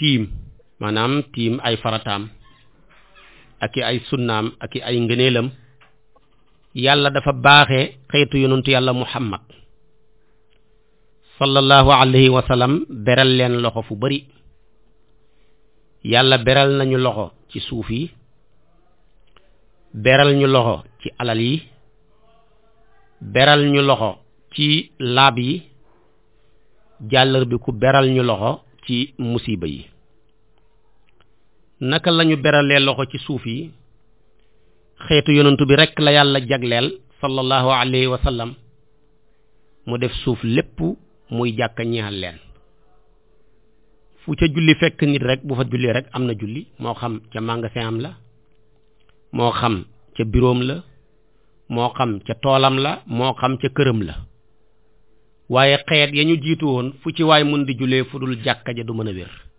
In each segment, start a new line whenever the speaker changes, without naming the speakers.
tiim maanaam tiim ay farataam ak i ay sunnaam ak i ay ngëneelam yàlla dafa baaxe xeetu yonentu yàlla muhammad sallallahu alayhi wa sallam beral leen loxo fu bari yàlla beral nañu loxo ci suuf yi beral ñu loxo ci alal yi beral ñu loxo ci laab yi jàllar bi ku beral ñu loxo ci musiba yi naka lañu beralee loxo ci suuf yi xeetu yonantu bi rekk la yàlla jagleel sallallahu alayhi wa sallam mu def suuf lépp muy jàkka ñaal leen fu ca julli fekk nit rek bu fa julli rek am na julli moo xam ca magasin am la moo xam ca biroom la moo xam ca toolam la moo xam ca këram la waaye xeet ya ñu jiitu woon fu ci waay mun di jullee fu dul jàkka ja du mën a wér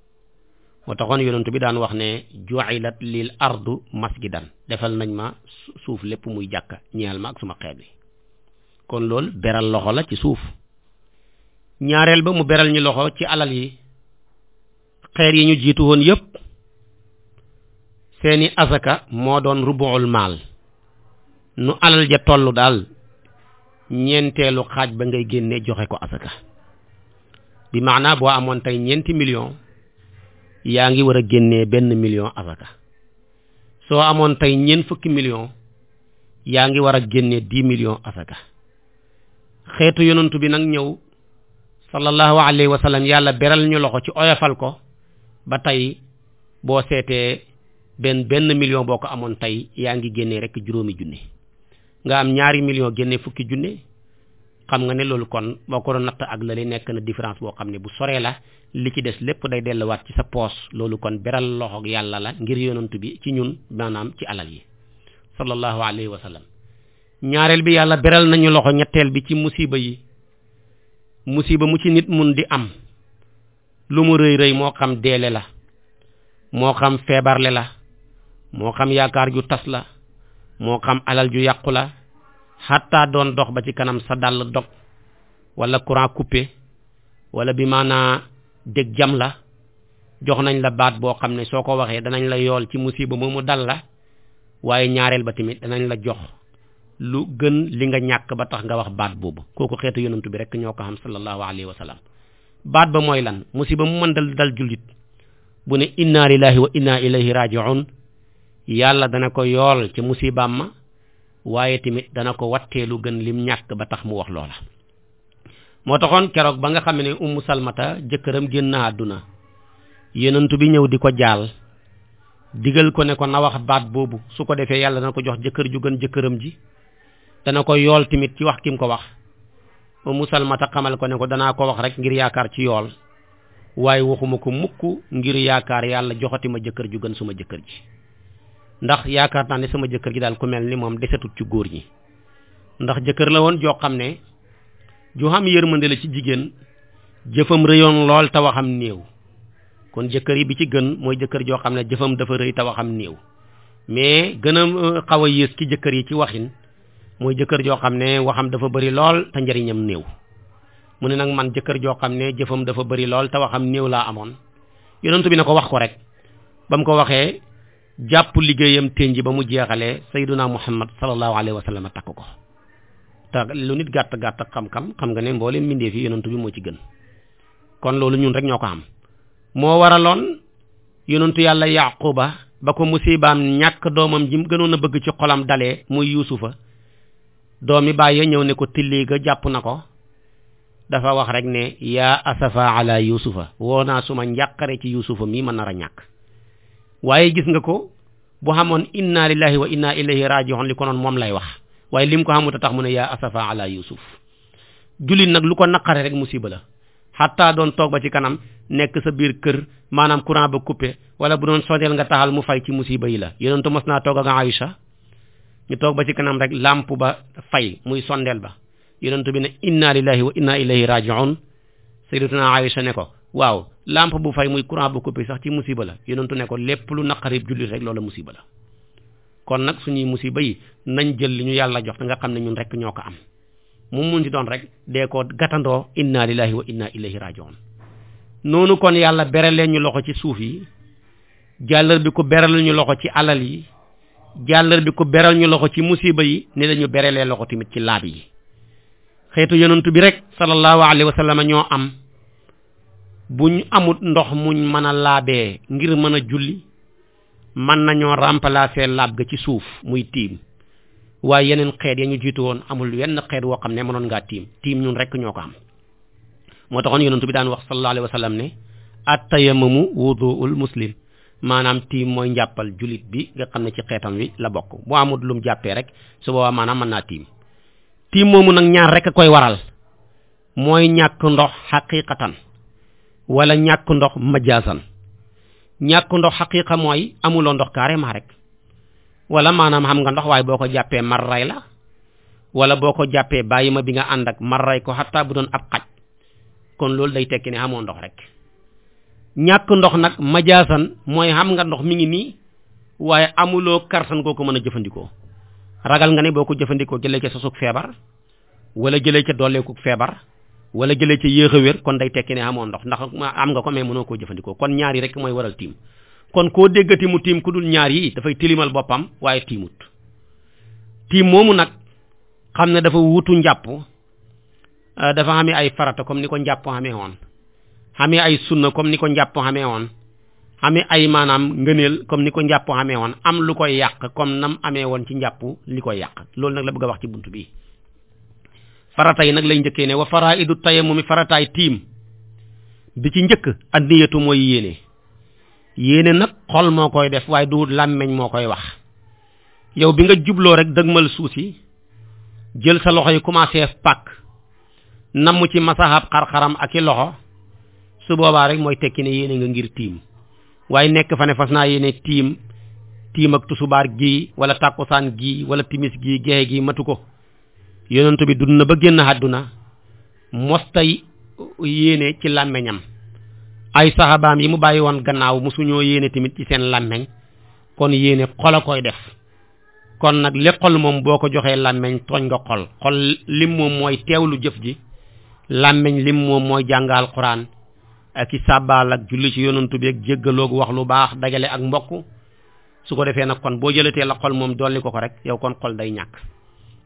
moo taxoon yonent bi daan wax ne ju'ilat lil ardu masjidan defal nañ ma suuf lépp muy jàkka ñeel ma ak suma xeet bi kon loolu beral loxo la ci suuf ñaareel ba mu beral ñu loxo ci alal yi xeer yi ñu jiitu woon yépp seeni asaka moo doon rubu'ul maal nu alal ja tollu daal ñeenteelu xaaj ba ngay génnee joxe ko asaka bi maanaa boo amoon tey ñeenti million yaa ngi war a génne benn million asaka soo amoon tey ñeent fukki million yaa ngi war a génne di million asaka xeetu yonantu bi nag ñëw sallallahu alayhi wa yàlla beral ñu loxo ci oyofal ko ba tey boo seetee benn benn million boo ko amoon tey yaa ngi génnee rek juróomi junne nga am ñaari million génne fukki junne xam nga ne loolu kon moo ko doon natt ak la li nekk na différence boo xam ne bu soree la li ci des lépp day delluwaat ci sa poos loolu kon beral loxoog yàlla la ngir yonantu bi ci ñun maanaam ci alal yi sallallahu alayhi wa sallam ñaareel bi yàlla beral nañu loxo ñetteel bi ci musiba yi musiba mu ci nit mun di am lu mu rëy rëy moo xam deele la moo xam feebarle la moo xam yaakaar ju tas la moo xam alal ju yàqu la xatta doon dox ba ci kanam sa dàll dog wala courant coupé wala bi maanaa dég jam la jox nañ la baat boo xam ne soo ko waxee danañ la yool ci musiba moomu dal la waaye ñaareel ba tamit danañ la jox lu gën li nga ñàkk ba nga wax baat boobu kooku xeetu yonantu bi rek ñoo ko xam sallallahu alayhi wa sallam baat ba mooy lan musiba mu dal dal jullit bu ne inna lillahi wa inna ilayhi raji'un yàlla dana ko yool ci musibaam ma waaye tamit dana ko wattee lu gën lim ñàkk ba tax mu wax loola moo taxoon keroog ba nga xam ne ummu salmata jëkkëram génn na àdduna yenentu bi ñëw di ko jaal digal ko ne ko na wax baat boobu su ko defee yàlla dana ko jox jëkkër ju gën jëkkëram ji dana ko yool tamit ci wax ki mu ko wax ummu salmata xamal ko ne ko danaa ko wax rek ngir yaakaar ci yool waaye waxuma ko mukk ngir yaakaar yàlla joxati ma jëkkër ju gën suma jëkkër ji ndax yaakaar naa ne sama jëkkër ji daan ku mel ni moom desetut ci góor ñi ndax jëkkër la woon joo xam ne ju xam yërmande la ci jigéen jëfam rëyoon lool te waxam néew kon jëkkër yi bi ci gën mooy jëkkër joo xam ne jëfam dafa rëy te waxam néew mais gën a euh, xaw a yées ci jëkkër yi ci waxin mooy jëkkër joo xam ne waxam dafa bari lool te njariñam néew mu ne nag man jëkkër joo xam ne jëfam dafa bari lool te waxam néew laa amoon yonentu bi ne ko wax ko rek ba mu ko waxee jàpp liggéeyam ténj ba mu jeexalee sayyiduna muhammad sallallahu alayhi wa sallam takk ko te lu nit gàtt gàtt xam-xam xam nga ne mboole mbindeef yi yonantu bi moo ci gën kon loolu ñun rek ñoo ko am moo waraloon yonantu yàlla yaquba ba ko musibaam ñàkk doomam ji gënoon a bëgg ci xolam dalee muy yuusufa doomi bàyyi ñëw ne ko tilli ga jàpp na ko dafa wax rek ne yaa asafa ala yuusufa woo naa suma njàqare ci yuusufa mii ma nar a ñàkk waaye gis nga ko bu xamoon inna lillahi wa inna ilayhi raji'un li ko noon moom lay wax waaye lim ko xamuta tax mu ne yaa asafa ala yusuf jullit nag lu ko naqare rek musiba la xatta doon toog ba ci kanam nekk sa biir kër maanaam courant ba coupé wala bu doon sodeel nga taxal mu fay ci musiba yi la yonentu mos naa toog ak Aïcha ñu toog ba ci kanam rek làmp ba fay muy sondeel ba yonentu bi ne inna lillahi wa inna ilayhi raji'un sayyidatuna Aïcha ne ko waaw lampe bu fay muy courant bu coupé sax ci musiba la yonentu ne ko lépp lu naqarib jullit rek loola musiba la kon nag suñuy musiba yi nañ jël li ñu yàlla jox nga xam ne ñun rek ñoo ko am mu mun ci doon rek dee ko gàttandoo inna lillahi wa inna ilayhi rajiun noonu kon yàlla beralee ñu loxo ci suuf yi jàllar bi ko beral ñu loxo ci alal yi jàllar bi ko beral ñu loxo ci musiba yi ni lañu beralee loxo tamit ci laab yi xeetu yonentu bi rek sallallahu buñ amut ndox mu mën a laabee ngir mën a julli mën nañoo remplacer laab ga ci suuf muy tiim waaye yeneen xeet ya ñu jiitu woon amul yenn xeet woo xam ne mënoon ngaa tiim tiim ñun ñoo ko am moo taxoon yonentu bi daan wax sallallahu alayhi wa sallam ne attayamamu wuduul muslim maanaam tiim mooy njàppal jullit bi xam ne ci xeetam wi la bokk bu amut lum jàppee rek su boobaa maanaam mën naa tiim tiim moomu nag ñaar rek a koy waral mooy ñàkk ndox xaqiqatan wala ñàkk ndox majaasan ñàkk ndox xaqiqa mooy amuloo ndox carrément rek wala maanaam xam nga ndox waaye boo ko jàppee mar ray la wala boo ko jàppee bàyyi ma bi nga ànd ak mar ray ko xataa bu doon ab xaj kon loolu day tekki ni amoo ndox rek ñàkk ndox nag majaasan mooy xam nga ndox mi ngi nii waaye amuloo kartan goo ko mën a jëfandikoo ragal nga ne boo ko jëfandikoo jëlee ca sosug feebar wala jëlee ca dooleekug feebar wala jëlee ca yéex a kon day tekki ne amoon ndox ndax am nga ko mais mënoo koo jëfandikoo kon ñaar yi rek mooy waral tiim kon koo déggati mu tiim ku dul ñaar yi dafay tilimal boppam waaye tiimut tiim moomu nag xam ne dafa wutu njàpp euh, dafa xamee ay farata comme ni ko njàpp xamee woon xamee ay sunna comme ni ko njàpp xamee woon xamee ay maanaam ngëneel comme ni ko njàpp xamee woon am lu koy yàq comme nam amee woon ci njàpp li koy yàq loolu nag la bëgg a wax ci bunt bi farata yi nag lay njëkkee ne wa faraidu tayammumi farataay tiim bi ci njëkk ak niyatu mooy yéene yéene nag xol moo koy def waaye du làmmeñ moo koy wax yow bi nga jubloo rek dëgmal suuf si jël sa loxo yi commencé pàkk namm ci masahab xar ak i loxo su boobaa rek mooy tekki ne yéene nga ngir tiim waaye nekk fa ne fas naa yéene tiim tiim ak tusubaar gi wala tàkkusaan gi wala timis gi gexe gi matu ko yonentu bi dund na ba génn àdduna mostay yéene ci làmmeñam ay saxabaam yi mu bàyyi woon gannaaw mosuñoo yéene tamit ci seen làmmeñ kon yéene xol a koy def kon nag li xol moom boo ko joxee làmmeñ tooñ nga xol xol lim moom mooy teewlu jëf ji làmmeñ lim moom mooy jàngal xuraan ak i sàbbaal ak julli ci yonantu bi ak jéggaloogu wax lu baax dajale ak mbokk su ko defee nag kon boo jëlatee la xol moom dolli ko ko rek yow kon xol day ñàkk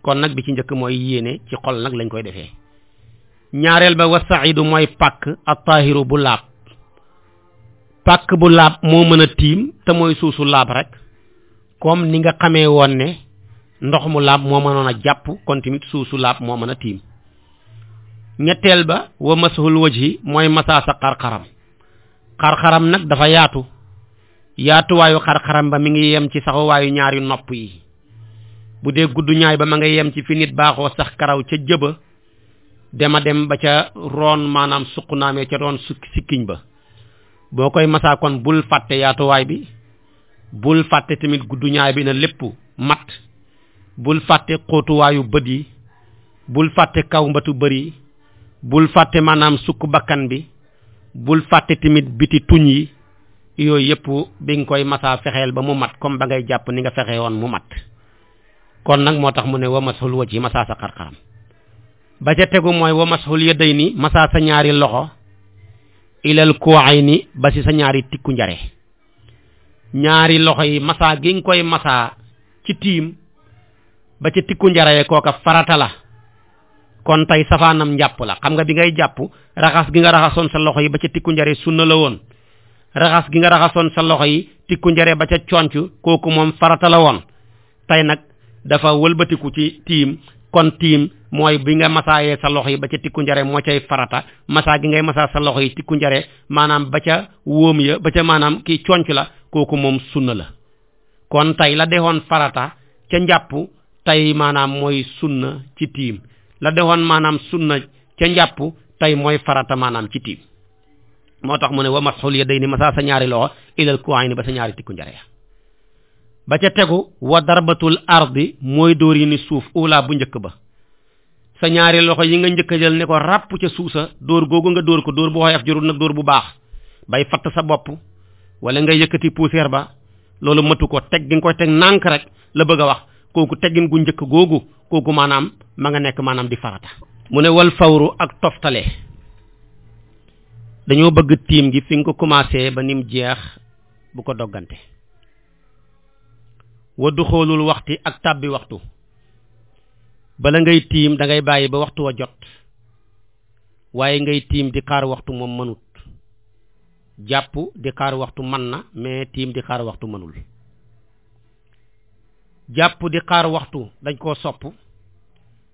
kon nag bi ci njëkk mooy yéene ci xol nag lañ koy defee ñaareel ba wasaidu mooy pàkk attaahiru bu laab pàkk bu laab moo mën a tiim te mooy suusu laab rek comme ni nga xamee woon ne ndox mu laab moo mënoon a jàpp kon suusu laab moo mën a tiim ñetteel ba wa masahul wajhi mooy masaasa xarxaram xarxaram nag dafa yaatu yaatuwaayu xarxaram ba mu ngi yem ci saxuwaayu ñaari nopp yi bu dee gudd ñaay ba ma nga yem ci fi nit baaxoo sax karaw ca jëba dema dem ba ca ron maanaam suq naamee ca roon sukk sikkiñ ba boo koy masaa kon bul fàtte yaatuwaay bi bul fàtte tamit gudd ñaay bi na lépp mat bul fàtte xóotuwaayu bët yi bul fàtte kaw mbatu bëri bul fàtte maanaam sukk bakkan bi bul fàtte tamit biti tuñ yi yooyu yëpp bi nga koy masaa fexeel ba mu mat comme ba ngay jàpp ni nga fexe woon mu mat kon nag moo tax mu ne wa masul waj yi masaa sa xarxaram ba ca tegu mooy wa masul yëdday ni masaa sa ñaari loxo ilal kuwaay ni ba si sa ñaari tikku njare ñaari loxo yi masaa gi nga koy masaa ci tiim ba ca tikku njare kooka farata la kon tey safaanam njàpp la xam nga bi ngay jàpp raxas gi nga raxasoon sa loxo yi ba ca tikku njare sunna la woon raxas gi nga raxasoon sa loxo yi tikku njare ba ca conc kooku moom farata la woon tey nag dafa wëlbatiku ci tiim kon tiim mooy bi nga masaa yee sa loxo yi ba ca tikku njare moo cay farata masaa gi ngay masaa sa loxo yi tikku njare maanaam ba ca woom ya ba ca maanaam kii conc la kooku moom sunna la kon tey la dexoon farata ca njàpp tey maanaam mooy sunna ci tiim la dexoon maanaam sunna ca njàpp tey mooy farata maanaam ci tiim moo tax mu ne wa masxul ya day ni masaa sa ñaari loxo ilal kuwaay ni ba sa ñaari tikku njare ya ba ca tegu wa darbatul ardi mooy dóor yi ni suuf ula bu njëkk ba sa ñaari loxo yi nga njëkk a jël ne ko ràpp ca suusa dóor googu nga dóor ko dóor bu xoyof jurul nag dóor bu baax bay fatt sa bopp wala nga yëkkati poussière ba loolu matu ko teggin gi koy teg nànk rek la bëgg a wax kooku teggin gu njëkk googu kooku maanaam ma nga nekk maanaam di farata mu ne wal fawru ak toftale dañoo bëgg tiim gi fi nga ko commencé ba nim jeex bu ko doggante wa duxoolul waxti ak tàbbi waxtu bala ngay tiim dangay bàyyi ba waxtu wa jot waaye ngay tiim di xaar waxtu moom mënut jàpp di xaar waxtu man na mais tiim di xaar waxtu mënul jàpp di xaar waxtu dañ koo sopp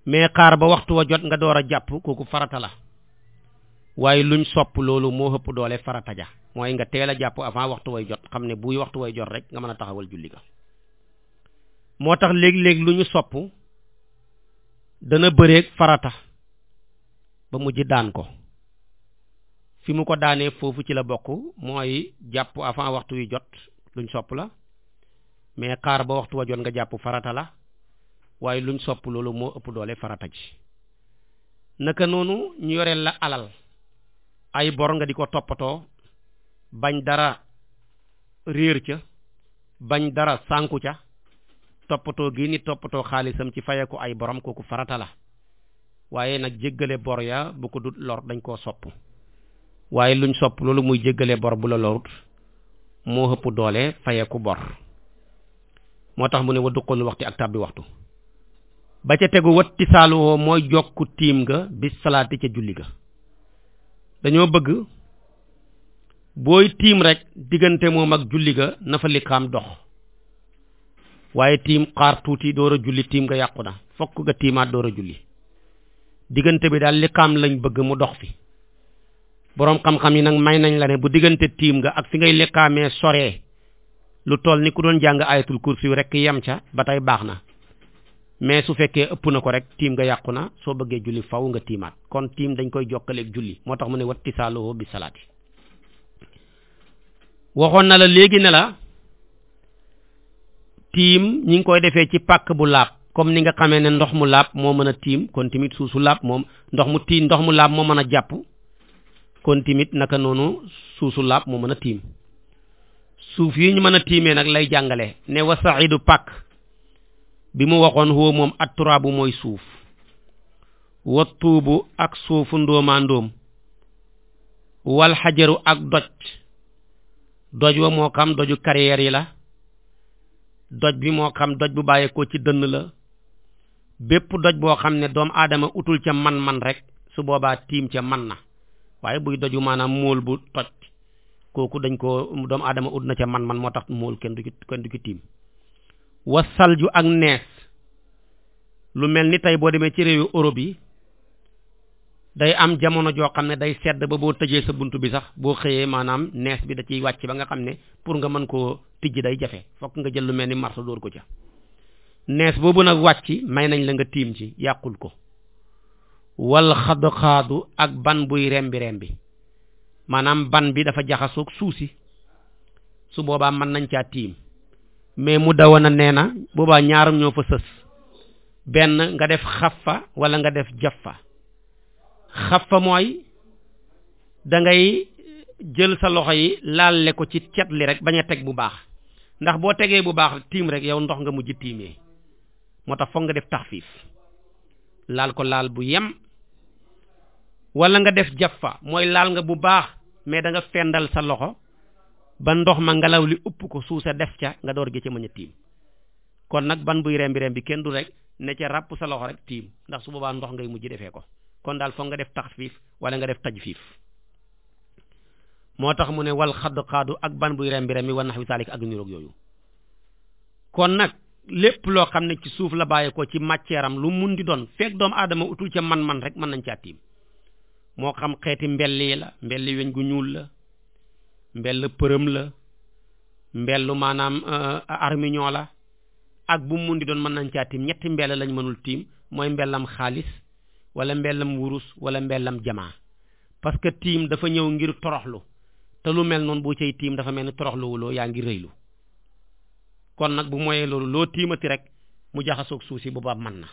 mais xaar ba waxtu wa jot nga door a jàpp ko farata la waaye luñ sopp loolu moo ëpp doole farata ja mooy nga teel a jàpp avant waxtu way jot xam ne buy waxtu way jot rek nga mën a taxawal julli ga moo tax léegi léeg lu ñu sopp dana bëreeg farata ba mujj daan ko fi mu ko daanee foofu ci la bokk mooy jàpp avant waxtu wi jot luñ sopp la mais xaar ba waxtu wa jot nga jàpp farata la waaye luñ sopp loolu moo ëpp doole farata ji naka noonu ñu yoreel la alal ay bor nga di ko toppatoo bañ dara réer ca bañ dara sànku ca toppatoo gi nit toppatoo xaalisam ci fayeku ay borom kooku farata la waaye nag jéggale bor ya bu ko dut lor dañ koo sopp waaye luñ sopp loolu muy jéggale bor bu la lorut moo ëpp doole fayeku bor moo tax mu ne wadduqoonul waxti ak tàbbi waxtu ba ca tegu watti saaluwoo mooy jokku tiim ga bis salaati ca julli ga dañoo bëgg booy tiim rek diggante moom ak julli ga na fa dox waaye tiim xaar tuuti door a julli tiim nga yàqu na fokk nga tiimaat door a julli diggante bi daal li xam lañ bëgg mu dox fi boroom xam-xam yi nag may nañ la ne bu diggante tiim nga ak fi ngay lekkaamee sore lu tool ni ku doon jàng ayatul kursi rek yem ca ba tey baax na mais su fekkee ëpp na ko rek tiim nga yàqu na soo bëggee julli faw nga tiimaat kon tiim dañ koy jokkaleeg julli moo tax mu ne wattisaaloo bi salaati waxoon na la léegi ne la tiim ñi ngi koy defee ci pàq bu laab comme ni nga xamee ne ndox mu laab moo mën a tiim kon tamit suuf su laab moom ndox mu tiim ndox mu laab moo mën a jàpp kon tamit naka noonu suuf su moo mën a tiim suuf yi ñu mën a tiimee nag lay jàngale ne wa saidu pàkk bi mu waxoon huwa moom at bu mooy suuf wa tuubu ak suufu ndóomaa ndóom wal xajaru ak doj doj wa moo xam doju carrière yi la doj bi moo xam doj bu bàyyee koo ci dënn la bépp doj boo xam ne doomu aadama utul ca man-man rek su boobaa tiim ca man na waaye buy doju maanaam mool bu toj kooku dañ ko doomu aadama ut na ca man-man moo tax mool kenn du ci kenn du ci tiim wasalju ak nees lu mel ni tey boo demee ci réewu Europe yi day am jamono joo xam ne day sedd ba boo tëjee sa bunt bi sax boo xëyee maanaam nees bi da ciy wàcc ba nga xam ne pour nga mën koo tijj day jafe fokk nga jël lu mel ni marto dóor ko ca nees boobu nag wàcc may nañ la nga tiim ci yàqul ko wal xadu-xaadu ak ban buy rembi rembi maanaam ban bi dafa jaxasoog suuf si su boobaa mën nañ caa tiim mais mu dawoon na nee na boobaa ñaaram ñoo fa sës benn nga def xaf fa wala nga def jaf fa xafa mooy dangay jël sa loxo yi laale ko ci cet li rek bañ a teg bu baax ndax boo tegee bu baax tiim rek yow ndox nga mujj tiime moo tax foog nga def tax taxfiif laal ko laal bu yem wala nga def jaffa mooy laal nga bu baax mais da nga fendal sa loxo ba ndox ma ngelaw li upp ko suusa def ca nga door gi ca mën a tiim kon nag ban buy rembi rembi kenn du rek ne ca ràpp sa loxo rek tiim ndax su boobaa ndox ngay mujj defee ko kon daal foog nga def taxfiif wala nga def tajfiif moo tax mu ne wal xadd xaadu ak ban buy rembi rembi wa nax wi saalik ak niroog yooyu kon nag lépp loo xam ne ci suuf la bàyyi ko ci matière lu mun di doon feek doomu aadama utul ca man-man rek mën nañ caa tiim moo xam xeeti mbell la mbelli weñ gu ñuul la mbell përëm la mbellu maanaam euh, armiñoo la ak bu mu mun di doon mën nañ caa tiim ñetti mbell lañ mënul tiim mooy mbellam xaalis wala mbelam wurus wala mbelam jamaa parce que tiim dafa ñëw ngir toroxlu te lu mel noonu bu cay tiim dafa mel ni toroxluwuloo yaa ngi réylu kon nag bu moyee loolu loo tiimati rek mu jaxasoog suusi si booba man na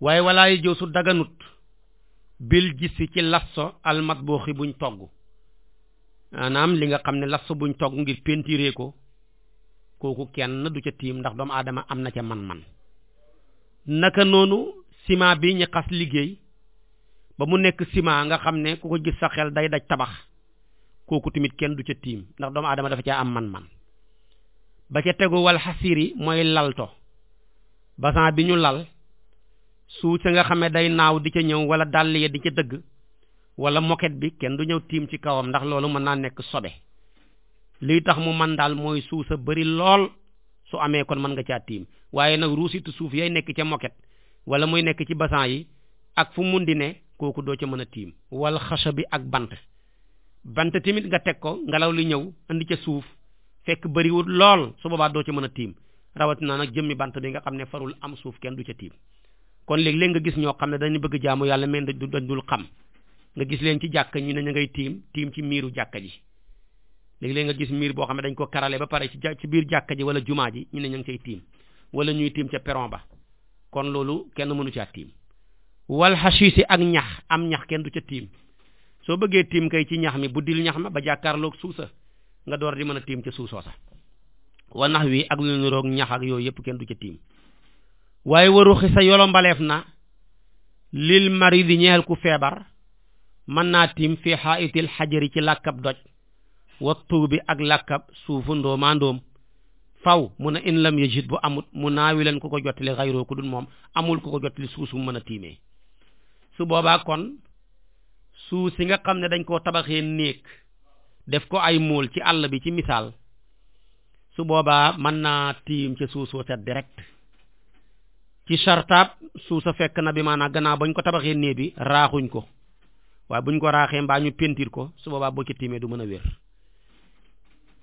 waaye walaaye jëw su daganut bil gisi ci lasso almatbooxi buñ togg maanaam li nga xam ne lasso buñ togg ngir pentiree ko kooku kenn du ca tiim ndax doomu aadama am na ca man-man naka noonu ciment bi ñi xas liggéey ba mu nekk ciment nga xam ne ku ko gis sa xel day daj tabax kooku tamit kenn du ca tiim ndax doomu aadama dafa caa am man-man ba ca tegu wal xasiri mooy lalto basan bi ñu lal suuf sa nga xamee day naaw di ca ñëw wala dàll ya di ca dëgg wala moquette bi kenn du ñëw tiim ci kawam ndax loolu mën naa nekk sobe liy tax mu man daal mooy suuf sa bëri lool su amee kon man nga caa tiim waaye nag ruusitu suuf yay nekk ca moquette wala muy nekk ci basan yi ak fu mun di ne kooku doo ca mën a tiim wal xasa bi ak bant bant tamit nga teg ko ngelaw li ñëw indi ca suuf fekk bëriwul lool su boobaa doo ca mën a tiim rawatina nag jëmmi bant bi nga xam ne farul am suuf du ca tiim kon léeg-léeg nga gis ñoo xam ne dañu bëgg jaamu yàlla men dañ dul xam nga gis leen ci jàkka ñu ne ñu ngay tiim tiim ci miiru jàkka ji léeg-léeg nga gis miir boo xam ne dañ ko karale ba pare ci biir jàkka ji wala jumaa ji ñu ne ñu ngi tiim wala ñuy tiim ca peron ba kon loolu kenn mënu caa tiim wal xasiisi ak ñax am ñax kenn du ca tiim soo bëggee tiim kay ci ñax mi buddil ñax ma ba jàkkaarloog suusa nga door di mën a tiim ca suusoo sa wa nax wi ak lu niroog ñax yooyu yëpp kenn du ca tiim waaye waru xisa yolo na lil mari maridi ñeel ku feebar mën naa tiim fii xaayitil xajari ci làkkab doj wa tuubi ak làkkab suufu ndoomaa ndoom faw mu ne in lam yajid bu amut mu naawi leen ku ko jottali xayroo ku du moom amul ku ko jottali suuf su mën a tiimee su boobaa kon suuf si nga xam ne dañ koo tabaxee néeg def ko ay móol ci àll bi ci misaal su boobaa mën naa tiim ca suuf soo set direct ci chartaab suuf sa fekk na bi maanaam gannaaw bañ ko tabaxee néeg bi raaxuñ ko waaye buñ ko raaxee mbaa ñu pentir ko su boobaa boo ci tiimee du mën a wér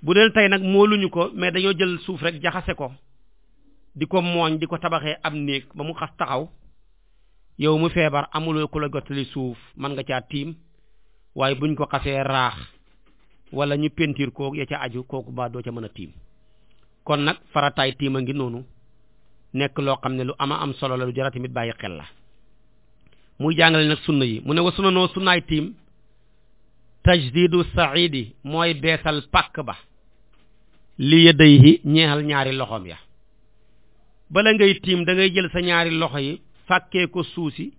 bu dee tey nag mooluñu ko mais dañoo jël suuf rek jaxase ko di ko mooñ di ko tabaxee am néeg ba mu xas taxaw yow mu feebar amuloo ku la gottali suuf mën nga caa tiim waaye buñ ko xasee raax wala ñu pentiir kooku ya ca aju kooku baa doo ca mën a tiim kon nag farataay tiim a ngi noonu nekk loo xam ne lu ama am solo la lu jara bàyyi xel la muy jàngale nag sunna yi mu ne wa sunna noo sunnaay tiim tajdidu saidi mooy beesal pàq ba li yadayhi ñeexal ñaari loxoom ya bala ngay tiim dangay jël sa ñaari loxo yi fàkkee ko suusi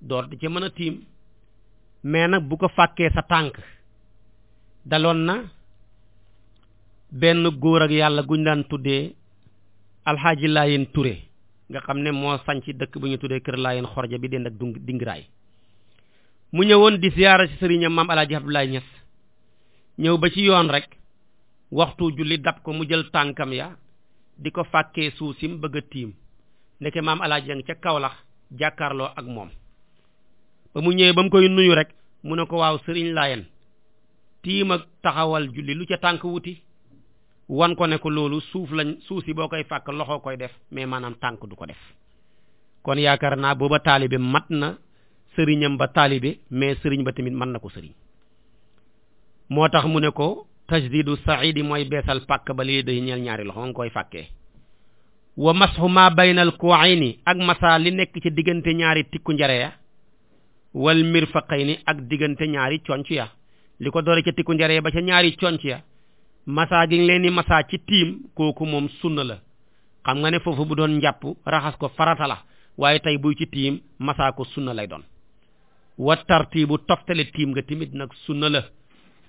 door di ca mën a tiim mais nag bu ko fàkkee sa tànk daloon na benn góor ak yàlla guñ daan tuddee alxaaji laayen ture nga xam ne moo sanc dëkk bu ñu tuddee kër laayen xorja bi dend ak dung dingiraay mu ñëwoon di siyaara ci sëriñam maam alaaji Abdoulaye Niass ñëw ba ci yoon rekk waxtu julli dab ko mu jël tànkam ya di ko fàkkee suusim bëgg a tiim ndeke maam alaaji jang ca kawlax jàkkaarloo ak moom ba mu ñëwee ba mu koy nuyu rek mu ne ko waaw sëriñ laayen tiim ak taxawal julli lu ca tànk wuti wan ko ne ko loolu suuf lañ suuf si boo koy fàkk loxo koy def mais maanaam tànk du ko def kon yaakaar naa booba taalibe mat na sëriñam ba taalibe mais sëriñ ba tamit mën na ko sëriñ moo tax mu ne ko tajdidu saidi mooy beesal pàkk ba lii day ñeel ñaari loxo nga koy fàkkee wa masxu ma baynal kuwayni ak masa li nekk ci diggante ñaari tikku njare ya wal mirfaqayni ak diggante ñaari conc ya li ko doore ca tikku njare ya ba ca ñaari conc ya masa gi ngi leen di ci tiim kooku moom sunna la xam nga ne foofu bu doon njàpp raxas ko farata la waaye tey buy ci tiim masa ko sunna lay doon wa tartibu toftale tiim nga timit nag sunna la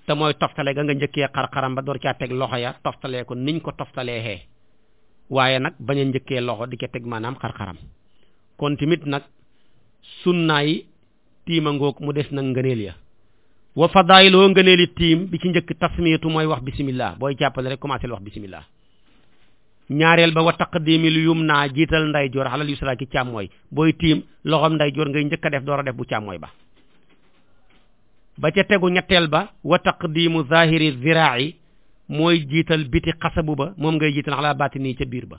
te mooy toftale ga nga njëkkee xar-xaram ba door caa teg loxo ya toftalee ko niñ ko toftalee xee waaye nag bañ a njëkkee loxo di ko teg maanaam xar-xaram kon tamit nag sunnaa yi tiima ngoog mu des nag ngëneel ya wa fadaayiloo ngëneeli tiim bi ci njëkk tasmiyatu mooy wax bisimillah booy jàppale rek commencé wax bisimillah ñaareel ba wa taqdimil naa jiital nday joor xalal yusra ci càmmooy booy tiim loxom nday joor ngay njëkk def door a def bu càmmooy ba ba ca tegu ñetteel ba wa taqdimu zahiri ziraa'i mooy jiital biti xasabu ba moom ngay jiital ala batini ca biir ba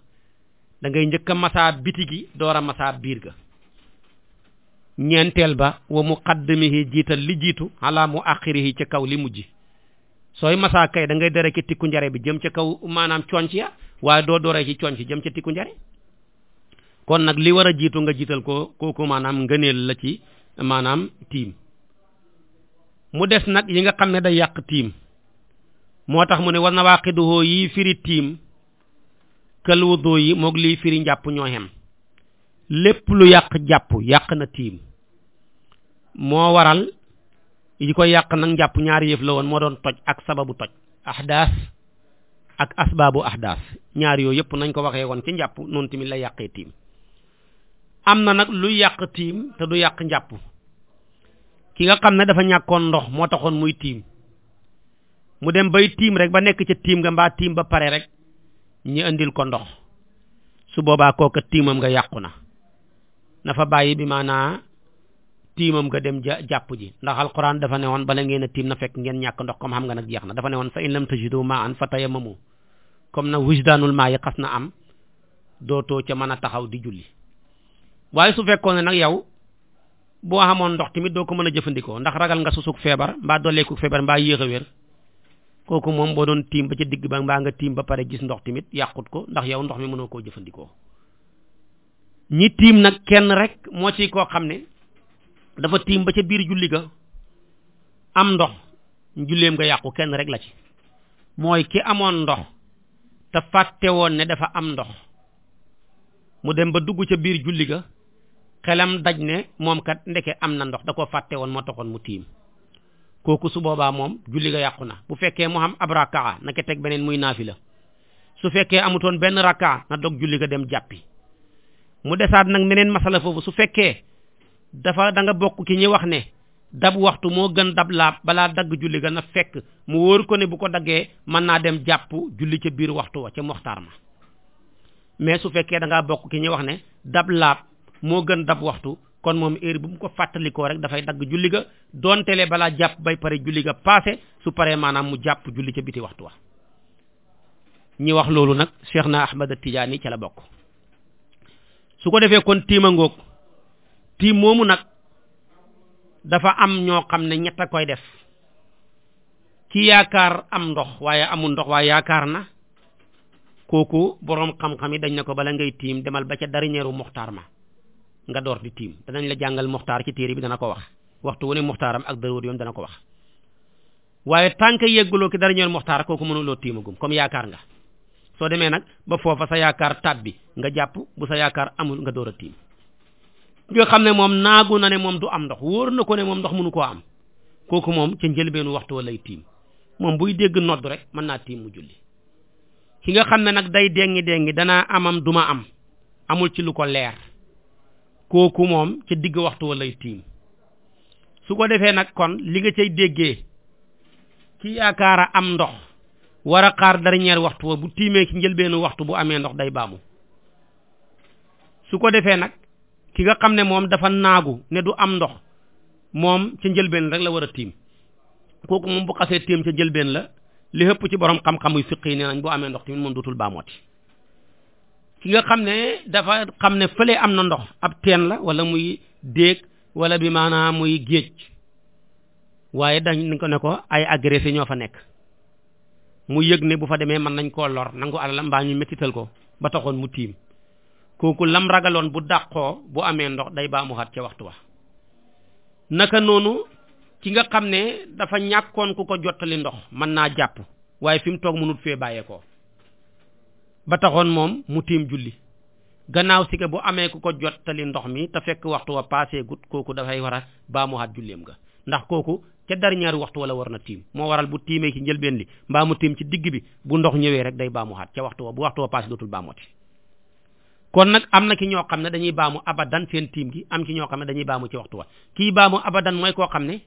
da ngay njëkk a masaa biti gi door a masaa biir ga ñeenteel ba wa muqaddimihi jiital li jiitu ala mu axirihi ca kaw li mujj sooy masaa kay da ngay dere ci tikku njare bi jëm ca kaw maanaam conc ya waaye doo dooree ci conc jëm ca tikku njare kon nag li war a jiitu nga jiital ko kooku maanaam ngëneel la ci maanaam tiim mu des nag yi nga xam ne day yàq tiim moo tax mu ne war na waa xiduhoo yi firi tiim kël wuddoo yi moog lii firi njàpp ñoo xem lépp lu yàq jàpp yàq na tiim moo waral yi ko yàq nag njàpp ñaari yëf la woon moo doon toj ak sababu toj ahdaas ak asbaabu ahdaas ñaar yooyu yëpp nañ ko waxe woon ci njàpp noonu tamit lay yàqee tiim am na nag lu yàq tiim te du yàq njàpp ki nga xam ne dafa ñàkkoon ndox moo taxoon muy tiim mu dem bay tiim rek ba nekk ca tiim nga mbaa tiim ba pare rek ñi indil ko ndox su boobaa kooka tiimam nga yàqu na na fa bàyyi bi maanaa tiimam nga dem ja jàpp ji ndax alquran dafa ne woon bala ngeen a tiim na fekk ngeen ñàkk ndox comme xam nga nag jeex na dafa ne woon fa in lam tajidu maa an fa tayammamu comme na wujdaanul maa yi xas na am dootoo ca mën a taxaw di julli waaye su fekkoon ne nag yow boo amoon ndox tamit doo ko mën a jëfandikoo ndax ragal nga susug feebar mbaa dooleeku feebar mbaa yéex a wér kooku moom boo doon tiim ba ca digg ba mbaa nga tiim ba pare gis ndox tamit yàqut ko ndax yow ndox mi mënoo koo jëfandikoo ñi nag kenn rek moo ci koo xam ne dafa tiim ba ca biir julli am ndox julleem nga yàqu kenn rek la ci mooy ki amoon ndox te fàtte woon ne dafa am ndox mu dem ba dugg ca biir julli ga xelam daj ne moom kat ndeke am na ndox da ko fàtte woon moo taxoon mu tiim kooku su boobaa moom julli ga yàqu na bu fekkee mu am ab rakkaa na ko teg beneen muy la su fekkee amutoon benn rakkaa na dog julli ga dem jàppi mu desaat nag meneen masala foofu su fekkee dafa da nga bokk ki ñi wax ne dab waxtu moo gën dab laab balaa dagg julli ga na fekk mu wóor ko ne bu ko daggee mën naa dem jàpp julli ca biir waxtu wa ca moxtaar ma mais su fekkee da ngaa bokk ki wax ne dab laab moo gën dab waxtu kon moom heure bu mu ko fàttalikoo rek dafay dagg julli ga doontele balaa jàpp bay pare julli ga passé su paree maanaam mu jàpp julli ca biti waxtu wa ñi wax loolu nag Cheikh na Ahmad Tidiane ca la bokk su ko defee kon tiima ngoog tiim moomu nag dafa am ñoo xam ne ñett a koy def ki yaakaar am ndox waaye amul ndox waaye yaakaar na kooku boroom xam-xam yi dañ ne ko bala ngay tiim demal ba ca dariñeeru muxtaar ma nga door di tiim danañ la jàngal muxtaar ci téere bi dana ko wax waxtu wu ne muxtaaram ak daruur yoom dana ko wax waaye tànk yegguloo ki dara ñëw muxtaar kooku mënuloo tiimagum comme yaakaar nga soo demee nag ba foofa sa yaakaar tàbbi nga jàpp bu sa yaakaar amul nga door a tiim nga xam ne moom naagu na ne moom du am ndox wóor na ko ne moom ndox mënu koo am kooku moom ca beenu waxtu wa lay tiim moom buy dégg nodd rek mën naa tiim mu julli ki nga xam ne nag day dengi dengi danaa amam duma am amul ci lu ko leer kooku moom ca digg waxtu walay tiim su ko defee nag kon li nga cay déggee ki yaakaar a am ndox war a xaar dernier waxtu wa bu tiimee ci njëlbeenu waxtu bu amee ndox day baamu su ko defee nag ki nga xam ne moom dafa naagu ne du am ndox moom ca njëlbeen rek la war a tiim kooku moom bu xasee tiim ca njëlbeen la li ëpp ci borom xam-xam yu fiqi nee nañ bu amee ndox tamit moom dootul baamooti ki nga xam ne dafa xam ne fële am na ndox ab teen la wala muy déeg wala bi maanaa muy géej waaye dañ ko ne ko ay agressé ñoo fa nekk mu yëg ne bu fa demee mën nañ koo lor nangu alal mbaa ñu mettital ko ba taxoon mu tiim kooku lam ragaloon bu dàqoo bu amee ndox day baa mu xat ca waxtu wa naka noonu ki nga xam ne dafa ñàkkoon ku ko jottali ndox mën naa jàpp waaye fi mu toog mënut fee bàyyeekoo ba taxoon moom mu tiim julli gannaaw si bu amee ku ko jot tali ndox mi te fekk waxtu wa passé gut kooku dafay war a baamuwaat julleem ga ndax kooku ca dernier waxtu wala war na tiim moo waral bu tiimee ki njëlbeen li mbaa mu tiim ci digg bi bu ndox ñëwee rek day baamuwaat ca waxtu wa bu waxtu wa passé dootul baamooti kon nag am na ki ñoo xam ne dañuy baamu abadan seen tiim gi am ci ñoo xam ne dañuy mu ci waxtu wa kii baamu abadan mooy koo xam ne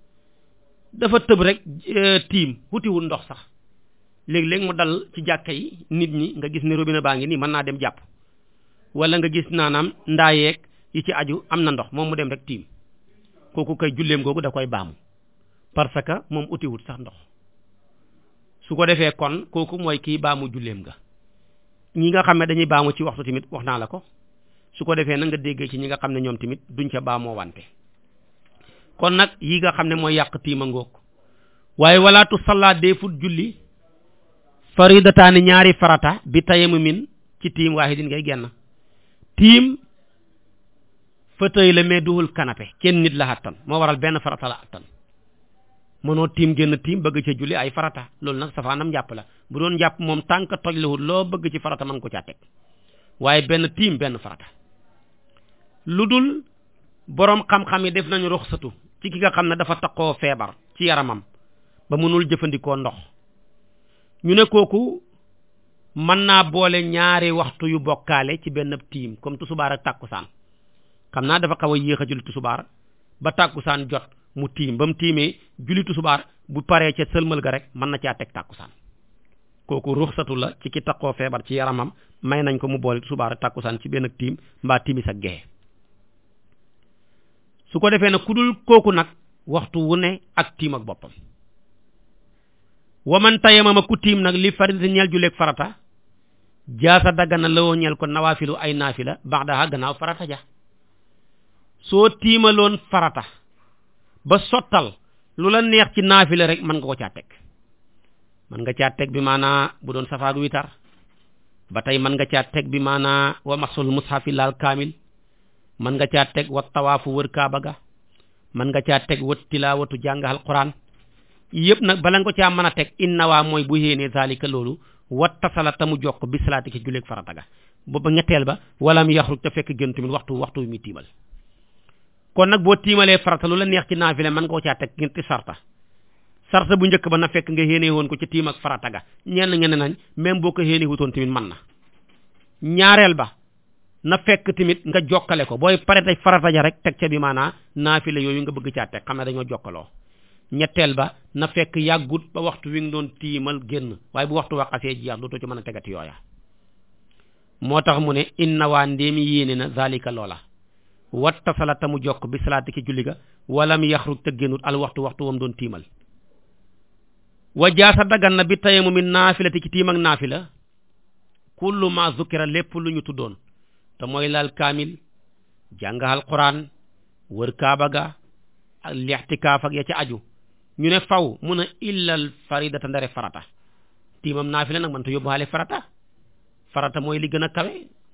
dafa tëb rek euh, tiim wutiwul ndox sax léeg-léeg mu dal ci jàkka yi nit ñi nga gis ne robinet baa ngi nii mën naa dem jàpp walla nga gis naanaam ndaayeeg yi ci aju am na ndox moom mu dem rek tiim kooku kay julleem googu da koy baamu parce que moom utiwut sax ndox su ko defee kon kooku mooy kii baamu julleem nga ñi nga xam ne dañuy baamu ci waxtu tamit wax naa la ko su ko defee na nga déggee ci ñi nga xam ne ñoom tamit duñ ca baamoo wante kon nag yi nga xam ne mooy yàq tiima ngoog waaye faridataani ñaari farata bi tayamumin ci tiim waahidin ngay genn tiim fauteuil la mais duhul canapé kenn nit la attan moo waral benn farata la attan mënoo tiim genn tiim bëgg ca julli ay farata loolu nag safaanam njàpp la bu doon njàpp moom tànk toj lawul loo bëgg ci farata mën ko caa teg waaye benn tiim benn farata lu dul boroom xam-xam yi def nañu ruxsatu ci ki nga xam ne dafa taqoo feebar ci yaramam ba mënul jëfandikoo ndox ñu ne kooku mën naa boole ñaari waxtu yu bokkaale ci benn tiim comme tusubaar ak tàkkusaan xam naa dafa xaw a yéex a julli tusubaar ba tàkkusaan jot mu tiim ba mu tiimee julli tusubaar bu paree ca sëlmal ga rek mën na caa teg tàkkusaan kooku ruxsatu la ci ki takkoo feebar ci yaramam may nañ ko mu boole tusubaar ak tàkkusaan ci benn tiim mbaa timis sag gee su ko defee na ku dul kooku nag waxtu wu ne ak tiim ak boppam wa man tayamama ku tiim nag li farida ñeel juleeg farata jaasa daggana lawoo ñeel ko nawaafilu ay naafila baxdaha gannaaw farata ja soo tiimaloon farata ba sottal lu la neex ci naafila rek mën nga ko caa teg mën nga caa teg bi maanaa bu doon safaak witar ba tey mën nga caa teg bi maanaa wa masul mushafi laal kaamil mën nga caa teg wa tawaafu wër kaaba ga mën nga caa teg wa tilaawatu jàngaxal quraan yëpp nag bala nga ko caa mën a teg innawaa mooy bu yéenee zalika loolu wattasala tamu jokk bi salaati ki julleeg farataga ba ñetteel ba am yaxruj te fekk génn tamit waxtu waxtu mi tiimal kon nag boo tiimalee farata la neex ci naafile mën nga ko caa teg ñetti sarta sarta bu njëkk ba na fekk nga yéene woon ko ci tiim ak farataga ñenn ñeneen nañ même boo ko yéene wutoon tamit mën na ñaareel ba na fekk tamit nga jokkale ko booy pare tey farata ja rek teg ca bi maanaa naafile yooyu nga bëgg caa teg xam ne dañoo jokkaloo ñetteel ba na fekk yàggut ba waxtu wi nga doon tiimal génn waaye bu waxtu waxasee jeex dootoo ci mën a tegati yooya moo tax mu ne inna waa ndéem yéene na zalika loola watta salata mu jokk bi salaati ki julli ga walam yaxruj te génnut al waxtu waxtu wam doon tiimal wa jaasa dagan bi tayamu mi naafilati ci tiim ak naafila kullu ma zukira lépp lu ñu tuddoon te mooy laal kaamil jàngaxal quraan wër kaaba ga ak lextikaaf ak ya ca aju ñu ne faw mun a illal faridata ndare farata tiimam naafila nag man ta yóbbaale farata farata mooy li gën a kawe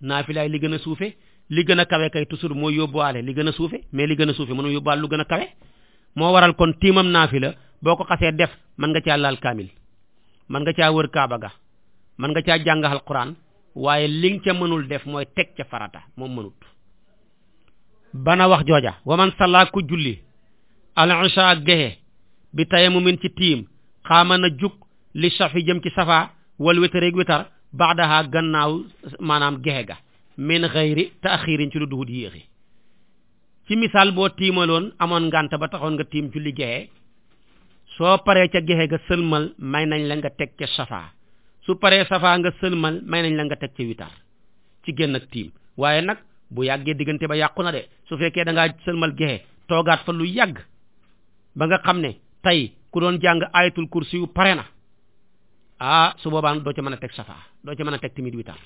naafilaay li gën a suufe li gën a kawe kay toujours mooy yóbbuwaale li gën a suufe mais li gën a suufe mënu yóbbuwaale lu gën a kawe moo waral kon tiimam naafila boo ko xasee def mën nga caa laal kaamil mën nga caa wër kaaba ga mën nga caa jàng alquran waaye li nga ca mënul def mooy teg ca farata moom mënut bana wax jooja wa man ku julli al isha gexe bi tayamumin ci tiim xaama na jug li safi jëm ci safa wal witareeg witar baadaha gannaaw maanaam gexe ga min xayri taaxirin ci lu duhut yéexi ci misaal boo tiimaloon amoon ngànta ba taxoon nga tiim julli gexe soo paree ca gexe ga sëlmal may nañ la nga teg ca safa su paree safa nga sëlmal may nañ la nga teg ca witar ci génn ak tiim waaye nag bu yàggee diggante ba yàqu na de su fekkee da ngaa sëlmal gexe toogaat fa lu yàgg ba nga xam ne tey ku doon jàng ayatul kursi pare na ah su boobaan doo ci mën a teg safa doo ci mën a teg tamit witar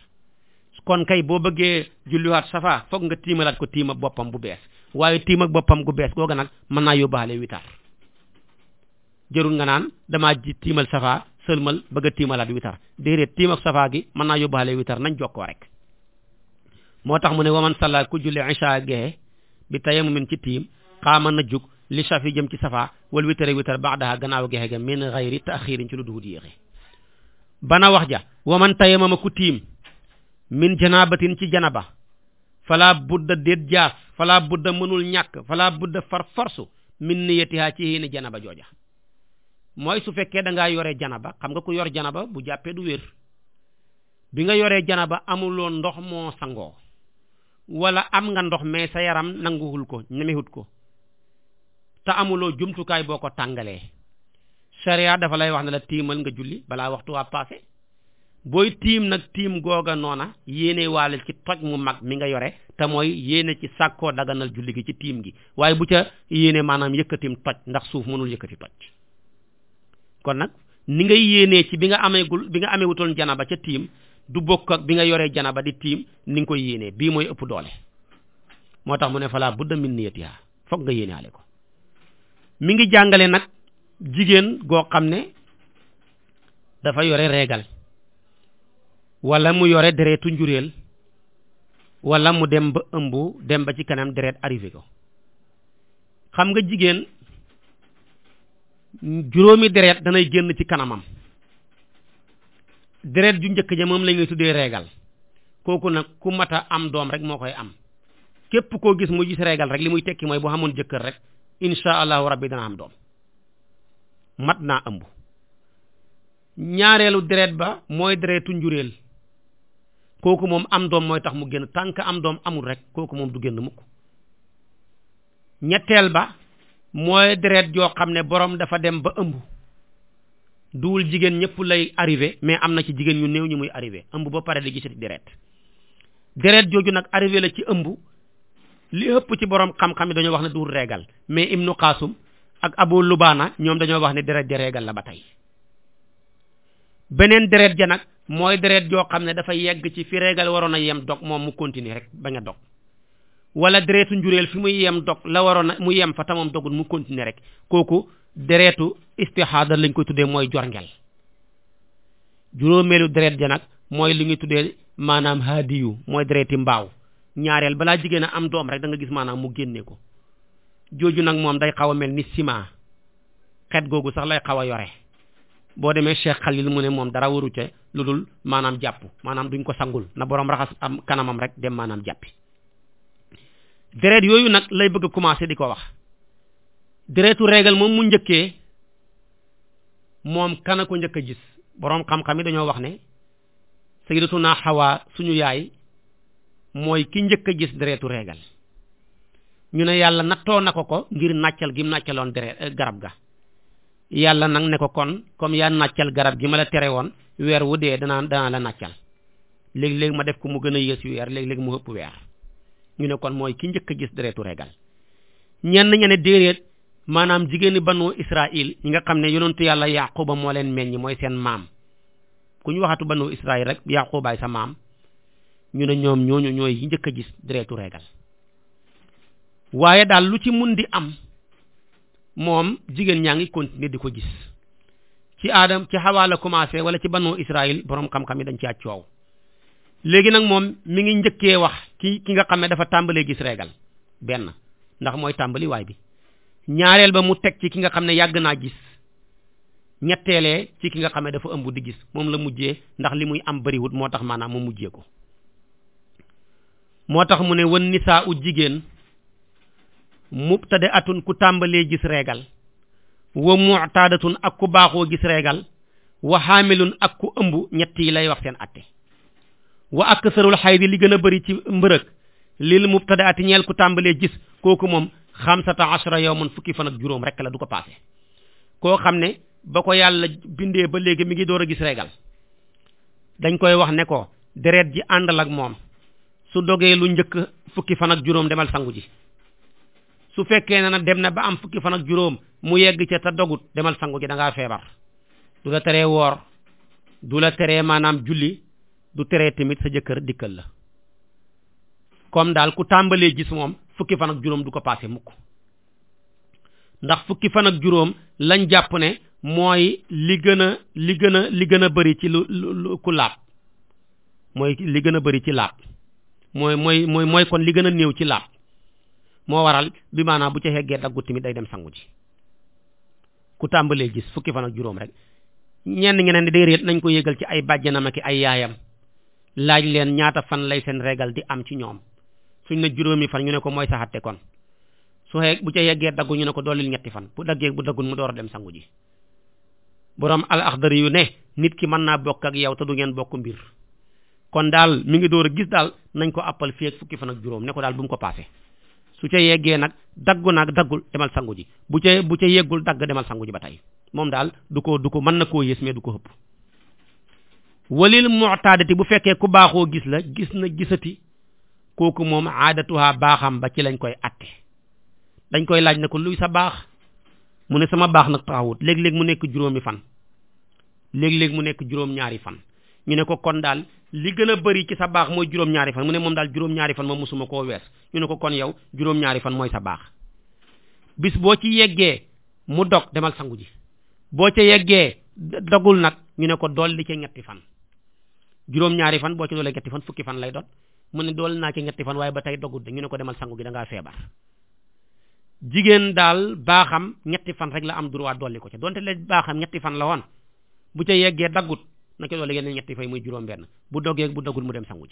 kon kay boo bëggee julliwaat safa foog nga tiimalaat ko tiim ak boppam bu bees waaye tiim boppam gu bees googa nag mën naa yóbbaale witar jërul nga naan damaa ji tiimal safa sëlmal bëgg a tiimalaat witar déedéet tiim ak gi mën naa yóbbaale witar nañ jokkoo rek moo tax mu ne waman salla ku julli isha gexe bi tayamumin ci tiim xaama na jug li safi jëm ci safa wal witare witar baadaha gannaaw gexe ga min xayri taxirin ci lu duhut yéexe bana wax ja wa man tayamama ku tiim min janabatin ci janaba fala budda déet jaas fala budda mënul ñàkk fala budda far farsu min niyatiha ci yéene janaba jooja mooy su fekkee da ngaa yore janaba xam nga ku yor janaba bu jàppee du wér bi nga yoree janaba amuloo ndox moo sangoo wala am nga ndox mais sa yaram nanguwul ko ñemewut ko te amuloo jumtukaay boo ko tàngalee sharia dafa lay wax na la tiimal nga julli balaa waxtu waa passé booy tiim nag tiim googa noona yéene waale ci toj mu mag mi nga yore te mooy yéene ci sàkkoo daganal julli gi ci tiim gi waaye bu ca yéene maanaam yëkkatim toj ndax suuf mënul yëkkati toj kon nag ni ngay yéenee ci bi nga ameegul bi nga ameewutoon janaba ca tiim du bokk bi nga yoree jana ba di tiim ni nga koy yéenee bii mooy ëpp doole moo tax mu ne falaa budda min niyatiha foog nga yéeneale ko mi ngi jàngale nag jigéen goo xam ne dafa yore reegal walla mu yore deretu njuréel wala mu dem ba ëmb dem ba ci kanam deret arrivé ko xam nga jigéen juróomi deret danay génn ci kanamam deret ju njëkk ja moom la ñuy tuddee reegal kooku nag ku mat a am doom rek moo koy am képp koo gis mu gis reegal rek li muy tekki mooy bu xamoon jëkkër rek insha allahu rabbi dana am doom mat naa ëmb ñaareelu deret ba mooy deretu njureel kooku moom am doom mooy tax mu génn tànk am doom amul rek kooku moom du génn mukk ñetteel ba mooy deret joo xam ne borom dafa dem ba ëmb duwul jigéen ñëpp lay arriver mais am na ci jigéen ñu néew ñu muy arrivé ëmb ba pare di gisati deret deret jooju nag arrivé la ci ëmb li ëpp ci borom xam-xam yi dañoo wax ne duur reegal mais ibnu qasim ak abu lubaana ñoom dañoo wax ne deret ja reegal la ba tey beneen deret ja nag mooy deret joo xam ne dafa yegg ci fi reegal waroon a yem dog moom mu continuer rek bañ a dog wala deretu njureel fi muy yem dog la waroon a mu yem fa tamoom dogul mu continuer rek kooku deretu istihada lañ ko tuddee mooy jorngel juróomeelu deret ja nag mooy li ñu tuddee maanaam haadiyu mooy dereti mbaaw ñaareel balaa jigéen a am doom rek danga gis maanaam mu génnee ko jooju nag moom day xaw a mel ni ciment xet googu sax lay xaw a yore boo demee Cheikh Khalil mu ne moom dara waru ca lu dul maanaam jàpp maanaam duñ ko sangul na borom raxas am kanamam rek dem maanaam jàppi deret yooyu nag lay bëgg a commencer di ko wax deretu régal moom mu njëkkee moom kana ko njëkk a gis boroom xam-xam yi dañoo wax ne sayyidatuna Hawa suñu yaay mooy ki njëkk a gis deretu reegal ñu ne yàlla nattoo na ko ko ngir nàccal gi mu nàccaloon deret eh, garab ga yàlla nag ne ko kon comme yaa nàccal garab gi ma la tere woon weer wu dee danaa danaa la nàccal léegi léeg ma def ko mu gën a yées weer léegi léeg mu ëpp weer ñu ne kon mooy ki njëkk a gis deretu reegal ñenn ña ne déedéet maanaam jigéeni banu israil ñi nga xam ne yonentu yàlla yaquba moo leen meññ mooy seen maam ku ñu waxatu banu israil rek yaqubaay sa maam ñu ne ñoom ñooñu ñooy njëkk a gis deretu reegal waaye daal lu ci mun di am moom jigéen ñaa ngi continuer di ko gis ci aadam ci xawaa la commencé wala ci banu Israël borom xam-xam yi dañ ci coow léegi nag moom mi ngi njëkkee wax ki ki nga xam ne dafa tàmbalee gis reegal benn ndax mooy tàmbaliwaay bi ñaareel ba mu teg ci ki nga xam ne yàgg naa gis ñetteelee ci ki nga xam ne dafa ëmb di gis moom la mujjee ndax li muy am bariwut moo tax maanaam mu mujjee ko moo tax mu ne wan nisaa u jigéen mubtade atun ku tàmbalee gis reegal wa mu'tadatun ak ku baaxoo gis reegal wa xaamilun ak ku ëmb ñett yi lay wax seen atte wa aksarul xaydi li gën a bari ci mbërëg lil mubtada ati ñeel ku tàmbalee gis kooku moom xamsata ashra yawman fukki fan ak juróom rekk la du ko paase koo xam ne ba ko yàlla bindee ba léegi mi ngi door a gis reegal dañ koy wax ne ko deret ji àndal ak moom su dogee lu njëkk fukki fan ak juróom demal sangu ji su fekkee ne nag dem na ba am fukki fan ak juróom mu yegg ca te dogut demal sangu ji da feebar du la teree woor du la teree maanaam julli du teree tamit sa jëkkër dikkal la comme daal ku tàmbalee gis moom fukki fan ak juróom du ko paase mukk ndax fukki fan ak juróom lañ jàpp ne mooy li gën a li gën a li gën a bari ci lu ku laab mooy li gën a bari ci laab mooy mooy mooy mooy kon li gën a néew ci laab moo waral bi maanaam bu ca xeggee daggu tamit day dem sangu ji ku tàmbalee gis fukki fan ak juróom rek ñenn ñeneen day réet nañ ko yëgal ci ay bàjjanam ak ay yaayam laaj leen ñaata fan lay seen regal di am ci ñoom suñ ne juróomi fan ñu ne ko mooy saxatte kon su xeeg bu ca yeggee daggu ñu ne ko dollil ñetti fan bu daggee bu daggul mu door a dem sangu ji borom al axdari yu ne nit ki mën naa bokk ak yow te du ngeen bokk mbir kon daal mu ngi door a gis daal nañ ko àppal fii ak fukki fan ak juróom ne ko daal bu mu ko paase su ca yeggee nag daggu nag daggul demal sangu ji bu ca bu ca yeggul dagg demal sangu ji ba tey moom daal du ko du ko mën na koo yées mee du ko xëpp walil mu'tadati bu fekkee ku baaxoo gis la gis na gisati kooku moom aadatuha baaxam ba ci lañ koy atte dañ koy laaj ne ko luy sa baax mu ne sama baax nag taxawut léeg-léeg mu nekk juróomi fan léeg-léeg mu nekk juróom ñaari fan ñu ne ko kon daal li gën a bëri ci sa baax mooy juróom-ñaari fan mu ne moom daal juróom-ñaari fan moom koo wees ñu ne ko kon yow juróom fan mooy sa baax bis boo ci yeggee mu dog demal sangu ji boo ci yeggee dogul nag ñu ne ko dolli ca ñetti fan juróom-ñaari fan boo ci doolee ñetti fan fukki fan lay doon mu ne dool naa ci ñetti fan waaye ba tey dogul de ñu ne ko demal sangu gi dangaa feebar jigéen daal baaxam ñetti fan rek la am droit dolli ko ci donte le baaxam ñetti fan la woon bu ca yeggee daggut na ca doole yeneen ñetti fay muy juróom benn bu doggee bu doggul mu dem sangu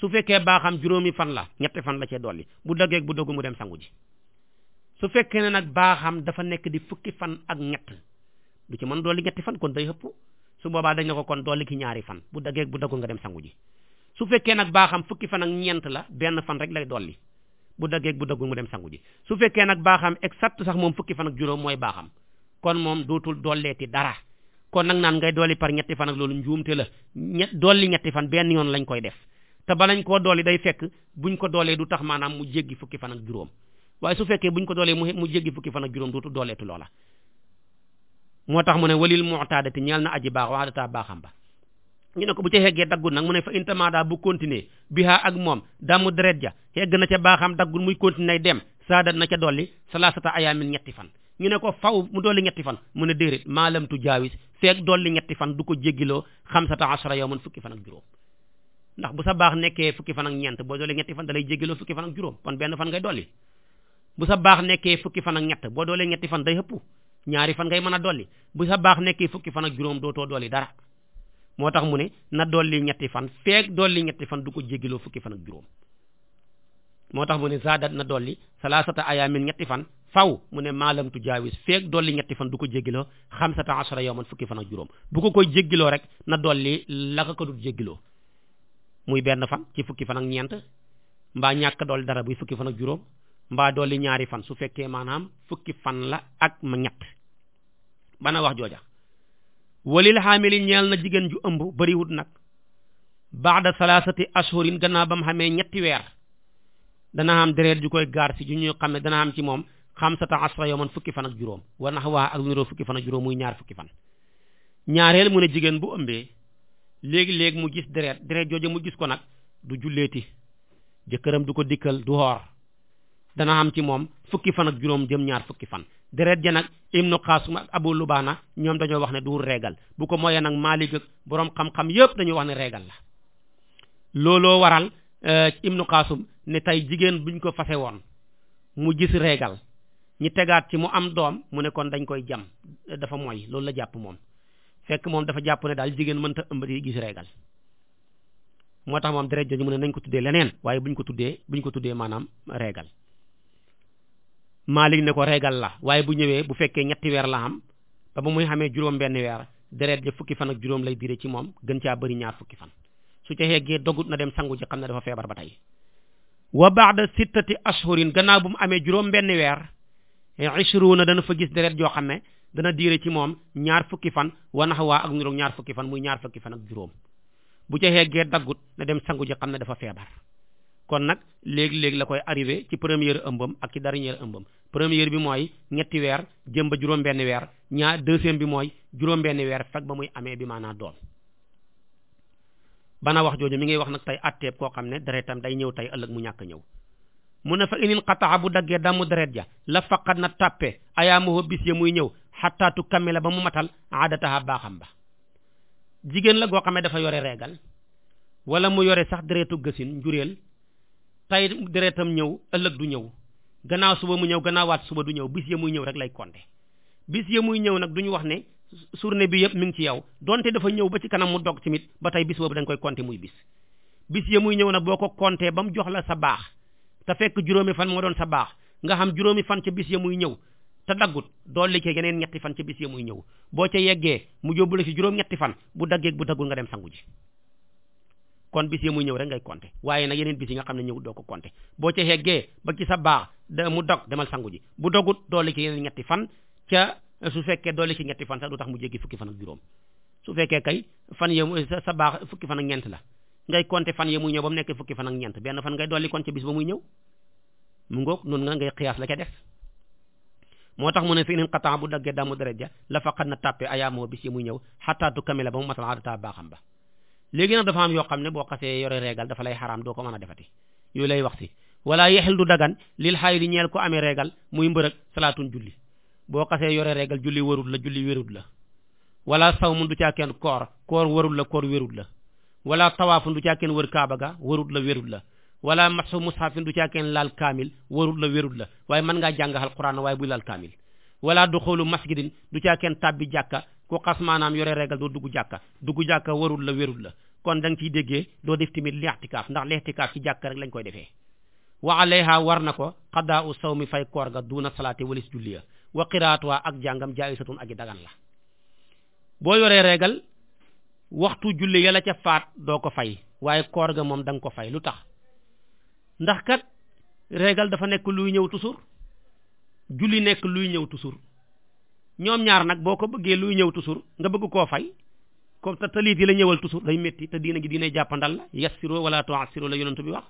su fekkee baaxam juróomi fan la ñetti fan la cee dolli bu doggee bu doggul mu dem sangu ji su fekkee ne nag baaxam dafa nekk di fukki fan ak ñett du ci mën dolli ñetti fan kon day xëpp boobaa dañ ko kon dolli ki ñaari fan bu doggee bu doggul nga dem sangu ji su fekkee nag baaxam fukki fan ak ñeent la benn fan rek lay dolli bu daggee bu daggul mu dem sangu ji su fekkee nag baaxam exact sax moom fukki fan ak juróom mooy baaxam kon moom dootul dolleeti dara kon nag naan ngay dolli par ñetti fan ak loolu njuumte la ñe dolli ñetti fan benn yoon lañ koy def te balañ koo doole day fekk buñ ko doolee du tax maanaam mu jéggi fukki fan ak juróom waaye su fekkee buñ ko doolee mu mu jéggi fukki fan ak juróom dootu dooleetu loola moo tax mu ne walil mu'tadati ñeel na aji baax taa baaxam ba ñu ne ko bu ca xeggee daggul nag mu ne fa intamada bu bi bihaa ak moom damu deret ja xegg na ca baaxam daggul muy continuer dem saadat na ca dolli salaasata ayaamin ñetti fan ñu ne ko faw mu dolli ñetti fan mu ne déedéet maalam tu jaawis feeg dolli ñetti fan du ko jéggiloo xamsata ashara yawman fukki fan ak juróom ndax bu sa baax nekkee fukki fan ak ñeent boo dolli ñetti fan da lay jéggiloo fukki fan ak juróom benn fan ngay dolli bu sa baax nekkee fukki fan ak ñett boo doolee ñetti fan day ëpp ñaari fan ngay mën a dolli bu sa baax nekkee fukki fan ak juróom dootoo dolli dara moo tax mu ne na dolli ñetti fan feeg dolli ñetti fan du ko jéggiloo fukki fan ak juróom moo tax mu ne zaadat na dolli salaasata ayaamin ñetti fan faw mu ne maalam tu jaawis feeg dolli ñetti fan du ko jéggiloo xamsata ashara yawman fukki fan ak juróom bu ko koy jéggiloo rek na dolli la ko ko dul jéggiloo muy benn fan ci fukki fan ak ñeent mbaa ñàkk dolli dara buy fukki fan ak juróom mbaa dolli ñaari fan su fekkee maanaam fukki fan la ak ma ñett bana wax jooja walil xaamili ñeel na jigéen ju ëmb bariwut nag baada salaasati ashurin gannaa ba mu xamee ñetti weer dana am deret ju koy gaar si ju ñuy dana am ci moom xamsata asra yawman fukki fan ak juróom wa naxwa ak lu niroo fukki fan ak juróom muy ñaar fukki fan ñaareel mu ne jigéen bu ëmbee léegi-léegi mu gis deret deret jooju mu gis ko nag du julleeti jëkkëram du ko dikkal du xoor dana am ci moom fukki fan ak juróom jëm ñaar fukki fan deret ja nag ibnu qasim ak abu lubaana ñoom dañoo wax ne du reegal bu ko mooyee nag maalig ak boroom xam-xam yépp dañoo wax ne reegal la looloo waral euh, ibnu qasim ne tey jigéen buñ ko fase woon mu gis reegal ñi tegaat ci mu am doom mu ne kon dañ koy jam dafa mooy loolu la jàpp moom fekk moom dafa jàpp ne daal jigéen mënta ëmb di gis reegal moo tax moom deret jooju mu ne nañ ko tuddee leneen waaye buñ ko tuddee buñ ko tuddee maanaam reegal Maalik ne ko reegal la waaye bu ñëwee bu fekkee ñetti weer la am ba ba muy xamee juróom benn weer deret ja fukki fan ak juróom lay dire ci moom gën caa bëri ñaar fukki fan su ca xeggee dogut na dem sangu ji xam ne dafa feebar ba tey wa ba'da sittati ashhurin gannaaw bu mu amee juróom benn weer ishruuna dana fa gis deret joo xam ne dana diire ci moom ñaar fukki fan wa wanax waa ak niroog ñaar fukki fan muy ñaar fukki fan ak juróom bu ca xeggee daggut na dem sangu ji xam ne dafa feebar kon nag léegi-léegi la koy arrivé ci première ëmbam ak ci dernière ëmbam première bi mooy ñetti weer jëm ba juróom benn weer ñaar deuxième bi mooy juróom benn weer fekk ba muy amee bi maanaam doom bana wax jooju mi ngay wax nag tey atteeb koo xam ne deretam day ñëw tey ëllëg mu ñàkk ñëw mun ne fa inil xataa bu daggee damm deret ja la faqat na tàppe ayaamuhu bis ya muy ñëw xattaatu kamila ba mu matal aadataha baaxam ba jigéen la goo xamee dafa yore reegal wala mu yore sax deretu gësin njuréel tey deretam ñëw ëllëg du ñëw gannaaw suba mu ñëw gannaawaat suba du ñëw bis ya muy ñëw rek lay konte bis ya muy ñëw nag duñu wax ne surne bi yëpp mi ngi ci yow donte dafa ñëw ba ci kanam mu dog tamit ba tey bis boobu da koy konte muy bis bis muy ñëw nag boo ko kontee ba mu jox la sa baax te fekk juróomi fan moo doon sa baax nga xam juróomi fan ca bis ya muy ñëw te daggut dolli ci yeneen ñetti fan ca bis ya muy ñëw boo ca yeggee mu yóbbu la ci juróom-ñetti fan bu daggee bu daggul nga dem sangu ji kon bis ya ñëw rek ngay waaye nag yeneen bis yi nga xam ne ñëw doo ko compter boo ca yeggee ba ci sa baax da mu dog sangu ji bu dogut dolli ñetti fan ca su fekkee dolli ci ñetti fan sax du tax mu jéggi fukki fan ak juróom su fekkee kay fan ya sa baax fukki fan ak ñeent la ngay compter fan ya muy ñëw ba mu nekk fukki fan ak ñeent benn fan ngay dolli kon ci bis ba muy ñëw mu ngoog noonu nga ngay xiyaas la ca def moo tax mu ne fi nin xataan bu daggee damu deret ja la fa xat na tàppe ayaamoo bis yi muy ñëw xataatu la ba mu matal adata baaxam ba léegi nag dafa am yoo xam ne boo xasee yore régal dafa lay xaraam doo ko mën a defati yooyu lay wax si wala yexel du dagan lil xaay di ñeel ko amee régal muy mbërëg salaatun julli boo xasee yore régal julli warul la julli wérul la wala saw mun du caa kenn koor warul la koor wérul la wala tawaafun du caakeen wër kaaba ga warut la wérut la wala matxu mushafin du caakeen laal kaamil warut la wérut la waaye mën ngaa jàng alquran waaye buy laal kaamil wala duxulu masjidin du caakeen tàbbi jàkka ko xas maanaam yore régal doo dugg jàkka dugg jàkka warut la wérut la kon da nga ciy déggee doo def tamit lixtikaaf ndax lixtikaaf ci jàkka rek lañ koy defee wa alayha war na ko xadaa u saw mi fay koor ga duuna salaati walis julliya wa qiraatuha ak jàngam ak i dagan la boo yoree régal waxtu julli yàlla ca faat doo ko fay waaye koor ga moom danga ko fay lu tax ndax kat régal dafa nekk luy ñëw toujours julli nekk luy ñëw toujours ñoom ñaar nag boo ko bëggee luy ñëw toujours nga bëgg koo fay ko te taliit yi la ñëwal toujours day métti te diina gi diina jàppandal la yassiro wala tu'assiro la yonentu bi wax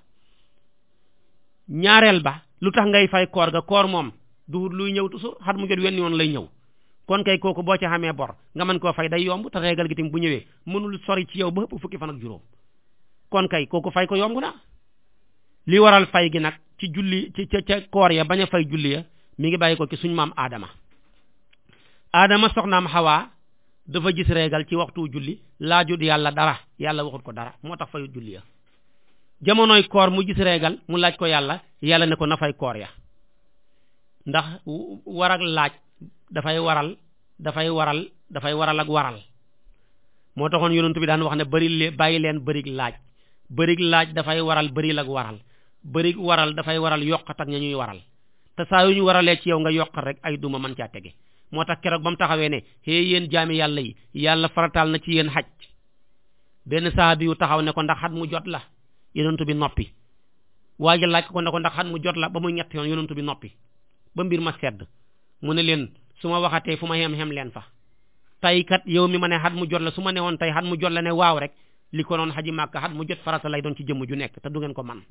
ñaareel ba lu tax ngay fay koor ga koor moom duhut luy ñëw toujours xat mu jot wenn yoon lay ñëw kon kay kooku boo ci xamee bor nga mën koo fay day yomb te régal gi tamit bu ñëwee mënul sori ci yow ba ëpp fukki fan ak juróom kon kay kooku fay ko yomb na li waral fay gi nag ci julli ci ca ca koor ya bañ a fay julli ya mi ngi bàyyi ko ci suñu maam aadama aadama soxnaam xawaa dafa gis régal ci waxtu julli laajut yàlla dara yàlla waxut ko dara moo tax fayut julli ya jamonoy koor mu gis reegal mu laaj ko yàlla yàlla ne ko na fay koor ya ndax war dafay waral dafay waral dafay waral ak waral moo taxoon yonentu bi daan wax ne bëri leen bàyyi leen bërig laaj bërig laaj dafay waral bëril ak waral bërig waral dafay waral yokkat ak ña ñuy waral te saa yu ñu waralee ci yow nga yokkat rek ay duma mën caa tege moo tax keroog ba mu taxawee ne xé yéen jaami yàlla yi yàlla farataal na ci yéen xaj benn saabi yu taxaw ne ko ndax xat mu jot la yonentu bi noppi waaja laaj ko ne ko ndax xat mu jot la ba muy ñett yoon yonentu bi noppi ba mbir ma sedd mu ne leen su ma waxatee fu ma xem xem leen fa tey kat yow mi ma ne xat mu jot la su ma ne woon tey xat mu jot la ne waaw rek li ko noon xaji màkk xat mu jot farata lay doon ci jëmm ju nekk te du ngeen ko man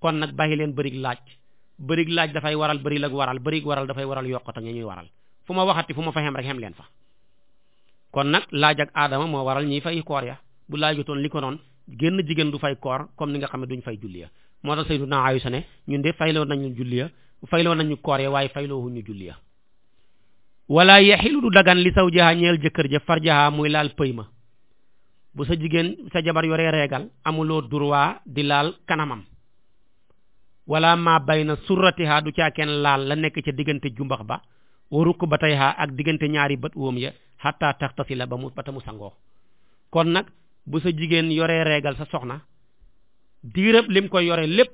kon nag bàyyi leen bërig laaj bërig laaj dafay waral bërig ak waral bërig waral dafay waral yokkata ña ñuy waral fu ma waxati fu ma fa xem rek xem leen fa kon nag laaj ak aadama moo waral ñiy fay koor ya bu laajutoon li ko noon génn jigéen du fay koor comme ni nga xam ne duñ fay julli ya moo tax Sayyiduna Aysa ne ñun de fayloon nañu julli ya fayloo nañu koor ya waaye fayloohuñu julli ya wala yaxilu du dagan li saw jaha jëkkër ja farjaha muy laal pëy ma bu sa jigéen sa jabar yore reegal amuloo droit di laal kanamam wala ma bay na surratiha du caa kenn laal la nekk ca diggante jumbax ba warukk ba tey ha ak diggante ñaari bët woom ya xatta taxtasi la ba mu ba ta mu sangoo kon nag bu sa jigéen yore reegal sa soxna diirëb lim koy yore lépp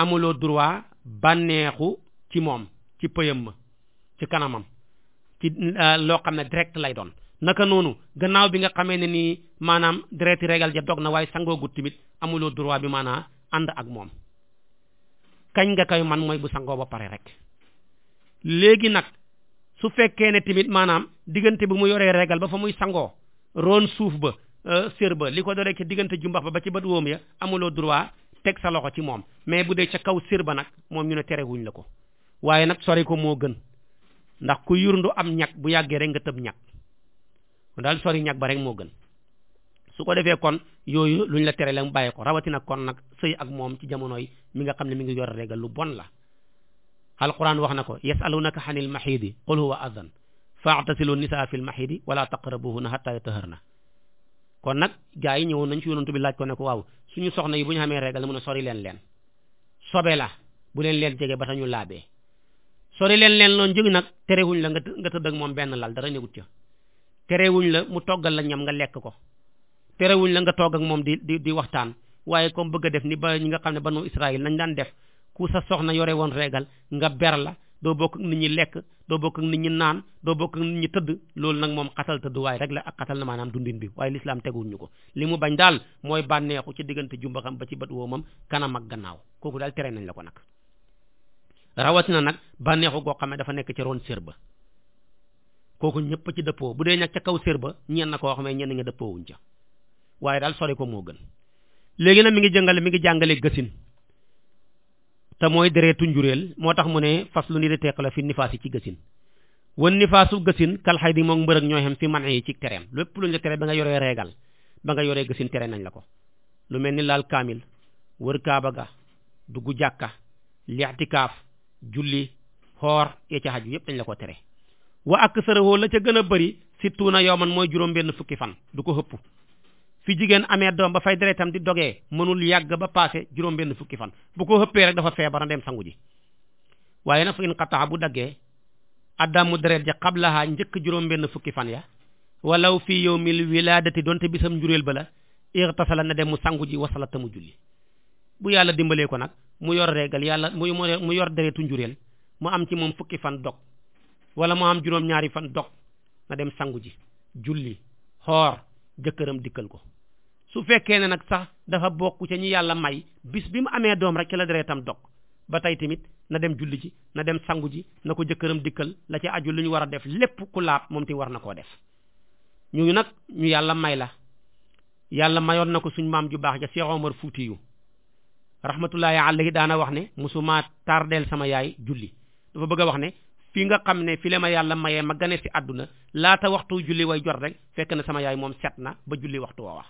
amuloo droit bànneexu ci moom ci pëyam ma ci kanamam ci euh, loo xam ne direct lay doon naka noonu gannaaw bi nga xamee ne nii maanaam direct régal ja dog na waaye sangoo sangoogut tamit amuloo droit bi maanaam ànd ak moom kañ nga koy man mooy bu sangoo ba pare rek léegi nag su fekkee ne tamit maanaam diggante bu mu yoree régal ba fa muy sangoo roon suuf ba euh, sér ba li ko dooree ci diggante jumbax ba ba ci bët wóom ya amuloo droit teg sa loxo ci moom mais bu dee ca kaw sir ba nag moom ñu ne terewuñ la ko waaye nag sori ko moo gën ndax ku yurndu am ñag bu yàggee rek nga tëb ñag daal sori ñag ba rek moo gën su ko defee kon yooyu luñ la tere la mu bàyyi ko rawatina kon nag sëy ak moom ci jamono mi nga xam ne mi ngi yor régal lu bon la alquran wax na ko yasalunaka xanil maxiidi qul huwa azan faatasilu nisaa fi lmaxiidi wala taqrabuhuna xata na kon nag gaa yi ñëwoon nañ ci yonantu bi laaj ko ne ko waaw suñu soxna yi bu ñu xamee régal mun a sori leen leen sobe la bu leen leen jege ba tañu laabee sori leen leen loon jëg nag terewuñ la nga nga tëdd ak moom benn lal dara negut ca terewuñ la mu toggal la ñam nga lekk ko terewuñ la nga togg ak moom di di di waxtaan waaye comme bëgg a def ni ba ñi nga xam ne ba banu Israël nañ daan def ku sa soxna yore woon régal nga ber la doo bokk ak nit ñi lekk doo bokk ni nit ñi naan doo bokk ak nit ñi tëdd loolu nag moom xatal tëdd waaye rek la ak xatal na maanaam dundin bi waaye lislaam teguwul ñu ko li mu bañ daal mooy bànneexu ci diggante jumba xam ba ci bët woomam kanam ak gannaaw kooku daal tere nañ la ko nag rawatina nag bànneexu goo xam ne dafa nekk ci ron sér ba kooku ñëpp ci dëppoo bu dee nag ca kaw sér ba ñeen na koo xam ne ñenn nga dëppoowuñ ca waaye daal sori ko moo gën léegi nag mi ngi jàngale mi ngi jàngale gësin te mooy deretu njuréel moo tax mu ne fas lu ni di teq la fi nifaas yi ci gësin wan nifaasu gësin kalxay di moom mbërëg ñoo xem fi man yi ci tereem lépp luñ la tere ba nga yoree reegal ba nga yoree gësin tere nañ la ko lu mel ni laal kaamil wër kaaba ga dugg jàkka li'tikaaf julli xoor ya ca xaju yépp dañ la ko tere wa ak sërëwoo la ca gën a bëri si tuuna yow man mooy juróom benn fukki fan du ko xëpp fi jigéen amee doom ba fay deretam di dogee mënul yàgg ba passé juróom benn fukki fan bu ko xëppee rek dafa feebar na dem sangu ji waaye nag fa in qataa bu daggee addamu deret ji xablaha njëkk juróom benn fukki fan ya walaw fi yawmil wiladati donte bisam njuréel ba la irtasala na dem mu sangu ji wasala ta mu julli bu yàlla dimbalee ko nag mu yor reegal yàlla mu mu yor deretu njureel mu am ci moom fukki fan dog wala mu am juróom ñaari fan dog na dem sangu ji julli xoor jëkkëram dikkal ko su fekkee ne nag sax dafa bokk ca ñi yàlla may bis bi mu amee doom rek ci la deretam dog ba tey tamit na dem julli ji na dem sangu ji na ko jëkkëram dikkal la ci aju lu ñu war a def lépp ku laab moom ti war na koo def ñu ngi nag ñu yàlla may la yàlla mayoon na ko suñ maam ju baax ja Cheikh Omar Foutiyou rahmatullahi alayhi daana wax ne musuma tardeel sama yaay julli dafa bëgg a wax ne fii nga xam ne fi la ma yàlla mayee ma gane ci àdduna laata waxtu julli way jot rek na sama yaay moom set na ba julli waxtu woo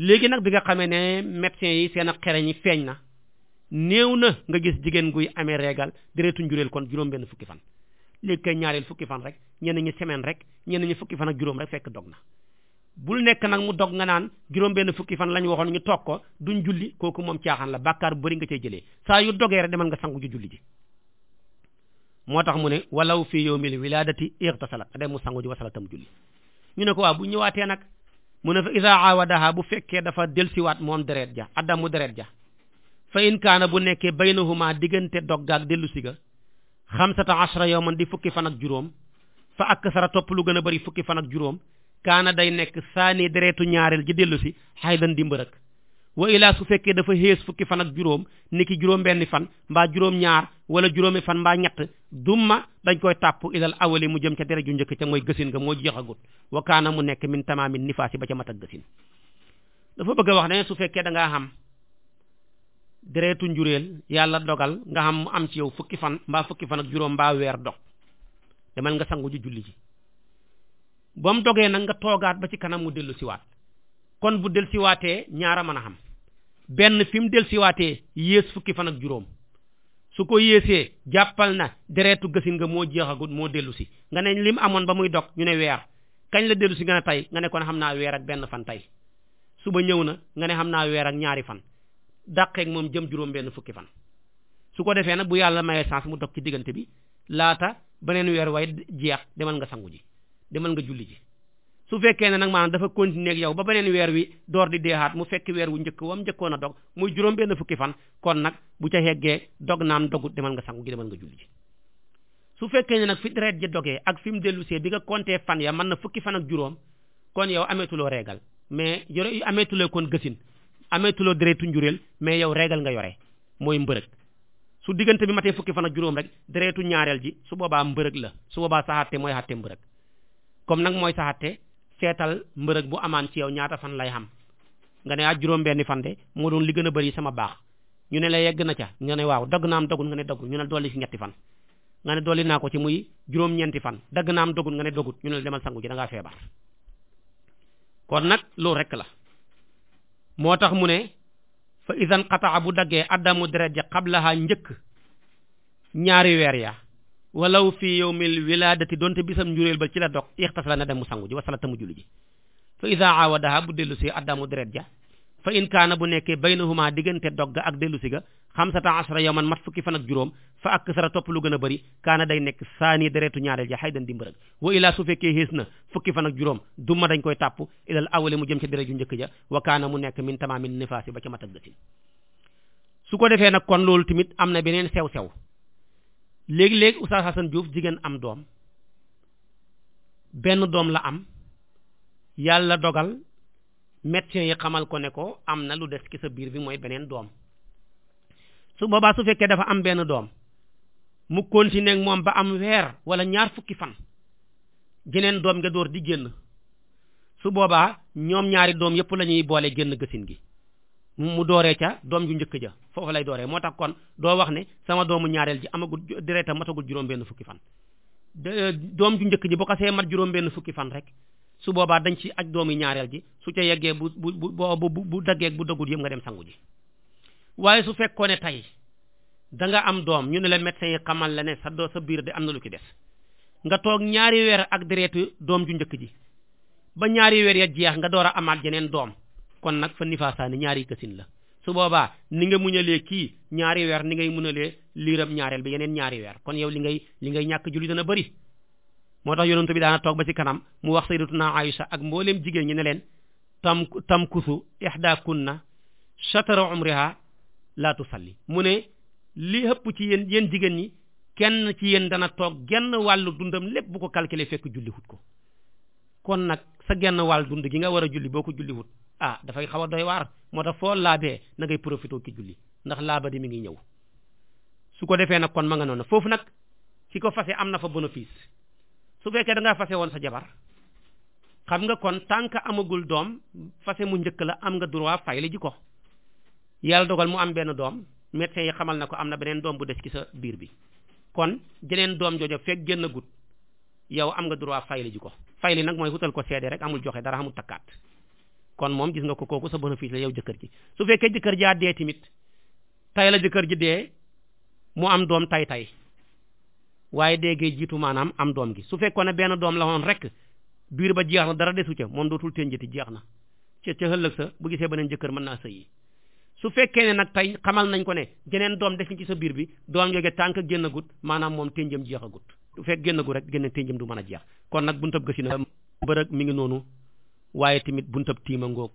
léegi nag bi nga xamee ne médecins yi seen xereñ yi feeñ na néew na nga gis jigéen guy amee régal deretu njureel kon juróom-benn fukki fan léegi kay ñaareel fukki fan rek ñenn ñi semaine rek ñenn ñi fukki fan ak juróom rek fekk dog na bul nekk nag mu dog nga naan juróom-benn fukki fan la ñu waxoon ñu toog ko duñ julli kooku moom caaxaan la bàkkaar bu bari nga cey jëlee saa yu dogee rek demal nga sangu ju julli ji moo tax mu ne walaw fi yawmil wiladati irtasalat day mu sangu ji wasalatam julli ñu ne ko nag mu ne fa isa aawadaha bu fekkee dafa delsiwaat moom deret ja addamu deret ja fa in kaana bu nekkee baynahuma diggante doggaak dellu si ga xamsata ashra yawman di fukki fan ak juróom fa ak sara topp lu gën a bëri fukki fan ak juróom kaana day nekk saani dereetu ñaareel ji dellu si xaydan di mbërëk wa ilaa su fekkee dafa xées fukki fan ak juróom niki juróom benni fan mbaa juróom ñaar wala juróomi fan mbaa ñett dumma dañ koy tàpp ilal awali mu jëm ca dere ju njëkk ca mooy gësin nga moo jeexagut wa kaana mu nekk min tamaami nifaasi ba ca mat ak gësin dafa bëgg a wax ne su fekkee da ngaa xam deretu njuréel yàlla dogal nga xam mu am ci yow fukki fan mbaa fukki fan ak juróom mbaa weer dog demal nga sangu ji julli ji ba mu dogee nag nga toogaat ci kanam mu dellu siwaat kon bu del siwaatee ñaara mën a xam benn fi mu del siwaatee yées fukki fan ak juróom su ko yéesee jàppal na deretu gësin nga moo jeexagut moo dellu si nga ne lim amoon ba muy dog ñu ne weer kañ la dellu si nga ne tey nga ne kon xam naa weer ak benn fan tey suba ñëw na nga ne xam naa weer ak ñaari fan dàqeeg moom jëm juróom benn fukki fan su ko defee nag bu yàlla mayee chance mu dog ci diggante bi laata beneen weer way jeex demal nga sangu ji demal nga julli su fekkee ne nag maanaam dafa continuer ak yow ba beneen weer wi door di deexaat mu fekk weer wu njëkk wam njëkkoon a dog muy juróom benn fukki fan kon nag bu ca heggee dog naam dogut demal nga sangu gi demal nga julli su fekkee ne fi deret ji dogee ak fi mu dellusee bi nga compter fan ya mën na fukki fan ak juróom kon yow ameetuloo reegal mais yore ameetuloo kon gësin ameetuloo deretu njuréel mais yow reegal nga yore mooy mbërëg su diggante bi matee fukki fan ak juróom rek deretu ñaareel ji su boobaa la su boobaa saxaate mooy xatte mbërëg seetal mbërëg bu amaan ci yow ñaata fan lay am nga ne ah juróom-benni fan de moo doon li gën a bëri sama baax ñu ne la yegg na ca nga ne waaw dagg naam dogul nga ne dogul ñu ne dolli ci ñetti fan nga ne dolli naa ko ci muy juróom fan dagg naam dogul nga ne dogut ñu ne la demal sangu ji da feebar kon nag loolu rekk la moo tax mu ne fa isan xataa bu daggee addamu deret ja xablaha njëkk ñaari weer ya walaw fi yawmil wiladati donte bisam njureel ba ci la dog ixtasala na dem mu sangu ji wasala ta mu julli ji fa iza awadaha bu dellu si addamu deret ja fa in kaana bu nekkee baynahuma diggante dog ga ak dellu si ga xamsata asra yawman mat fukki fan ak juróom fa ak sara topp lu gën a bëri kaana day nekk saani deretu ñaareel ja xay dan di mbërëg wa ilaa su fekkee xées na fukki fan ak juróom ma dañ koy tàpp ilal awali mu jëm ca deret njëkk ja wa kaana mu nekk min tamaamin nifaasi ba ca mataggatin su ko defee nag kon loolu tamit am na beneen sew-sew léegi léeg Oustaz Assane Diouf jigéen am doom benn doom la am yàlla dogal médecin yi xamal ko ne ko am na lu des ci sa biir bi mooy beneen doom su boobaa su fekkee dafa am benn doom mu continuer ak moom ba am weer wala ñaar fukki fan geneen doom nga door di génn su boobaa ñoom ñaari doom yëpp la ñuy boole génn gësin gi mu dooree ca doom ju njëkk ja foofu lay dooree moo tax kon doo wax ne sama doomu ñaareel ji amagul deretam matagul juróom-benn fukki fan. Euh, doom ju njëkk ji bu xasee mat juróom fukki fan su boobaa dañ ci aj doomu ñaareel ji su ca yeggee bu bu bu bu daggee bu daggut yëpp nga dem sangu ji waaye su fekkoon ne tey da am doom ñu ne la médecin yi xamal sa doo sa biir de am na lu ci des nga toog ñaari weer ak deretu doom ju njëkk ji ba ñaari weer ya jeex nga door a amaat jeneen doom. kon nag fa nifaasaani ñaari kësin la su boobaa ni nga muñalee kii ñaari weer ni ngay muñalee liiram ñaareel bi yeneen ñaari weer kon yow li ngay li ngay ñàkk julli dana bëri moo tax yonent bi daana toog ba ci kanam mu wax sayyidatuna Aïcha ak mbooleem jigéen ñi ne leen tam tam kusu ihdakunna shatara umriha la tusalli mu ne lii ëpp ci yéen yéen jigéen ñi kenn ci yéen dana toog genn wàllu dundam lépp bu ko calculer fekk julli hut ko kon nag sa genn waal dund gi nga war a julli boo ko julliwut ah dafay xaw a doy waar moo tax foo laabee na ngay profité ki julli ndax laaba di mi ngi ñëw su ko defee nag kon ma nga noonu foofu nag ci ko fase am na fa bénéfice su fekkee da ngaa fase woon sa jabar xam nga kon tànk amagul doom fase mu njëkk la am nga droit fay li ji ko yàlla dogal mu am benn doom médecin yi xamal na ko am na beneen doom bu des ci sa biir bi kon jeneen doom joojo fekk génn yow am nga droit fayli ji ko fayli nag mooy wutal ko seede rek amul joxe dara amul takkaat kon moom gis nga ko kooku sa bénéfice la yow jëkkër ji su fekkee jëkkër jaa dee tamit tay la jëkkër ji dee mu am doom tay tay waaye déggee jiitu maanaam am doom gi su fekkoon ne benn doom la rek biir ba jeex dara desu ca moom dootul ténjati jeex na ca ca ëllëg sa bu gisee jëkkër mën naa sëyi su fekkee ne nag tey xamal nañ ko ne geneen doom def ci sa biir bi doom yooge tànk génn agut maanaam moom ténjam jeex agut du fekk génn gu rek génn ténjam du mën a jeex kon nag buntab gësi na mbërëg mi ngi noonu waaye tamit buntab tiima ngoog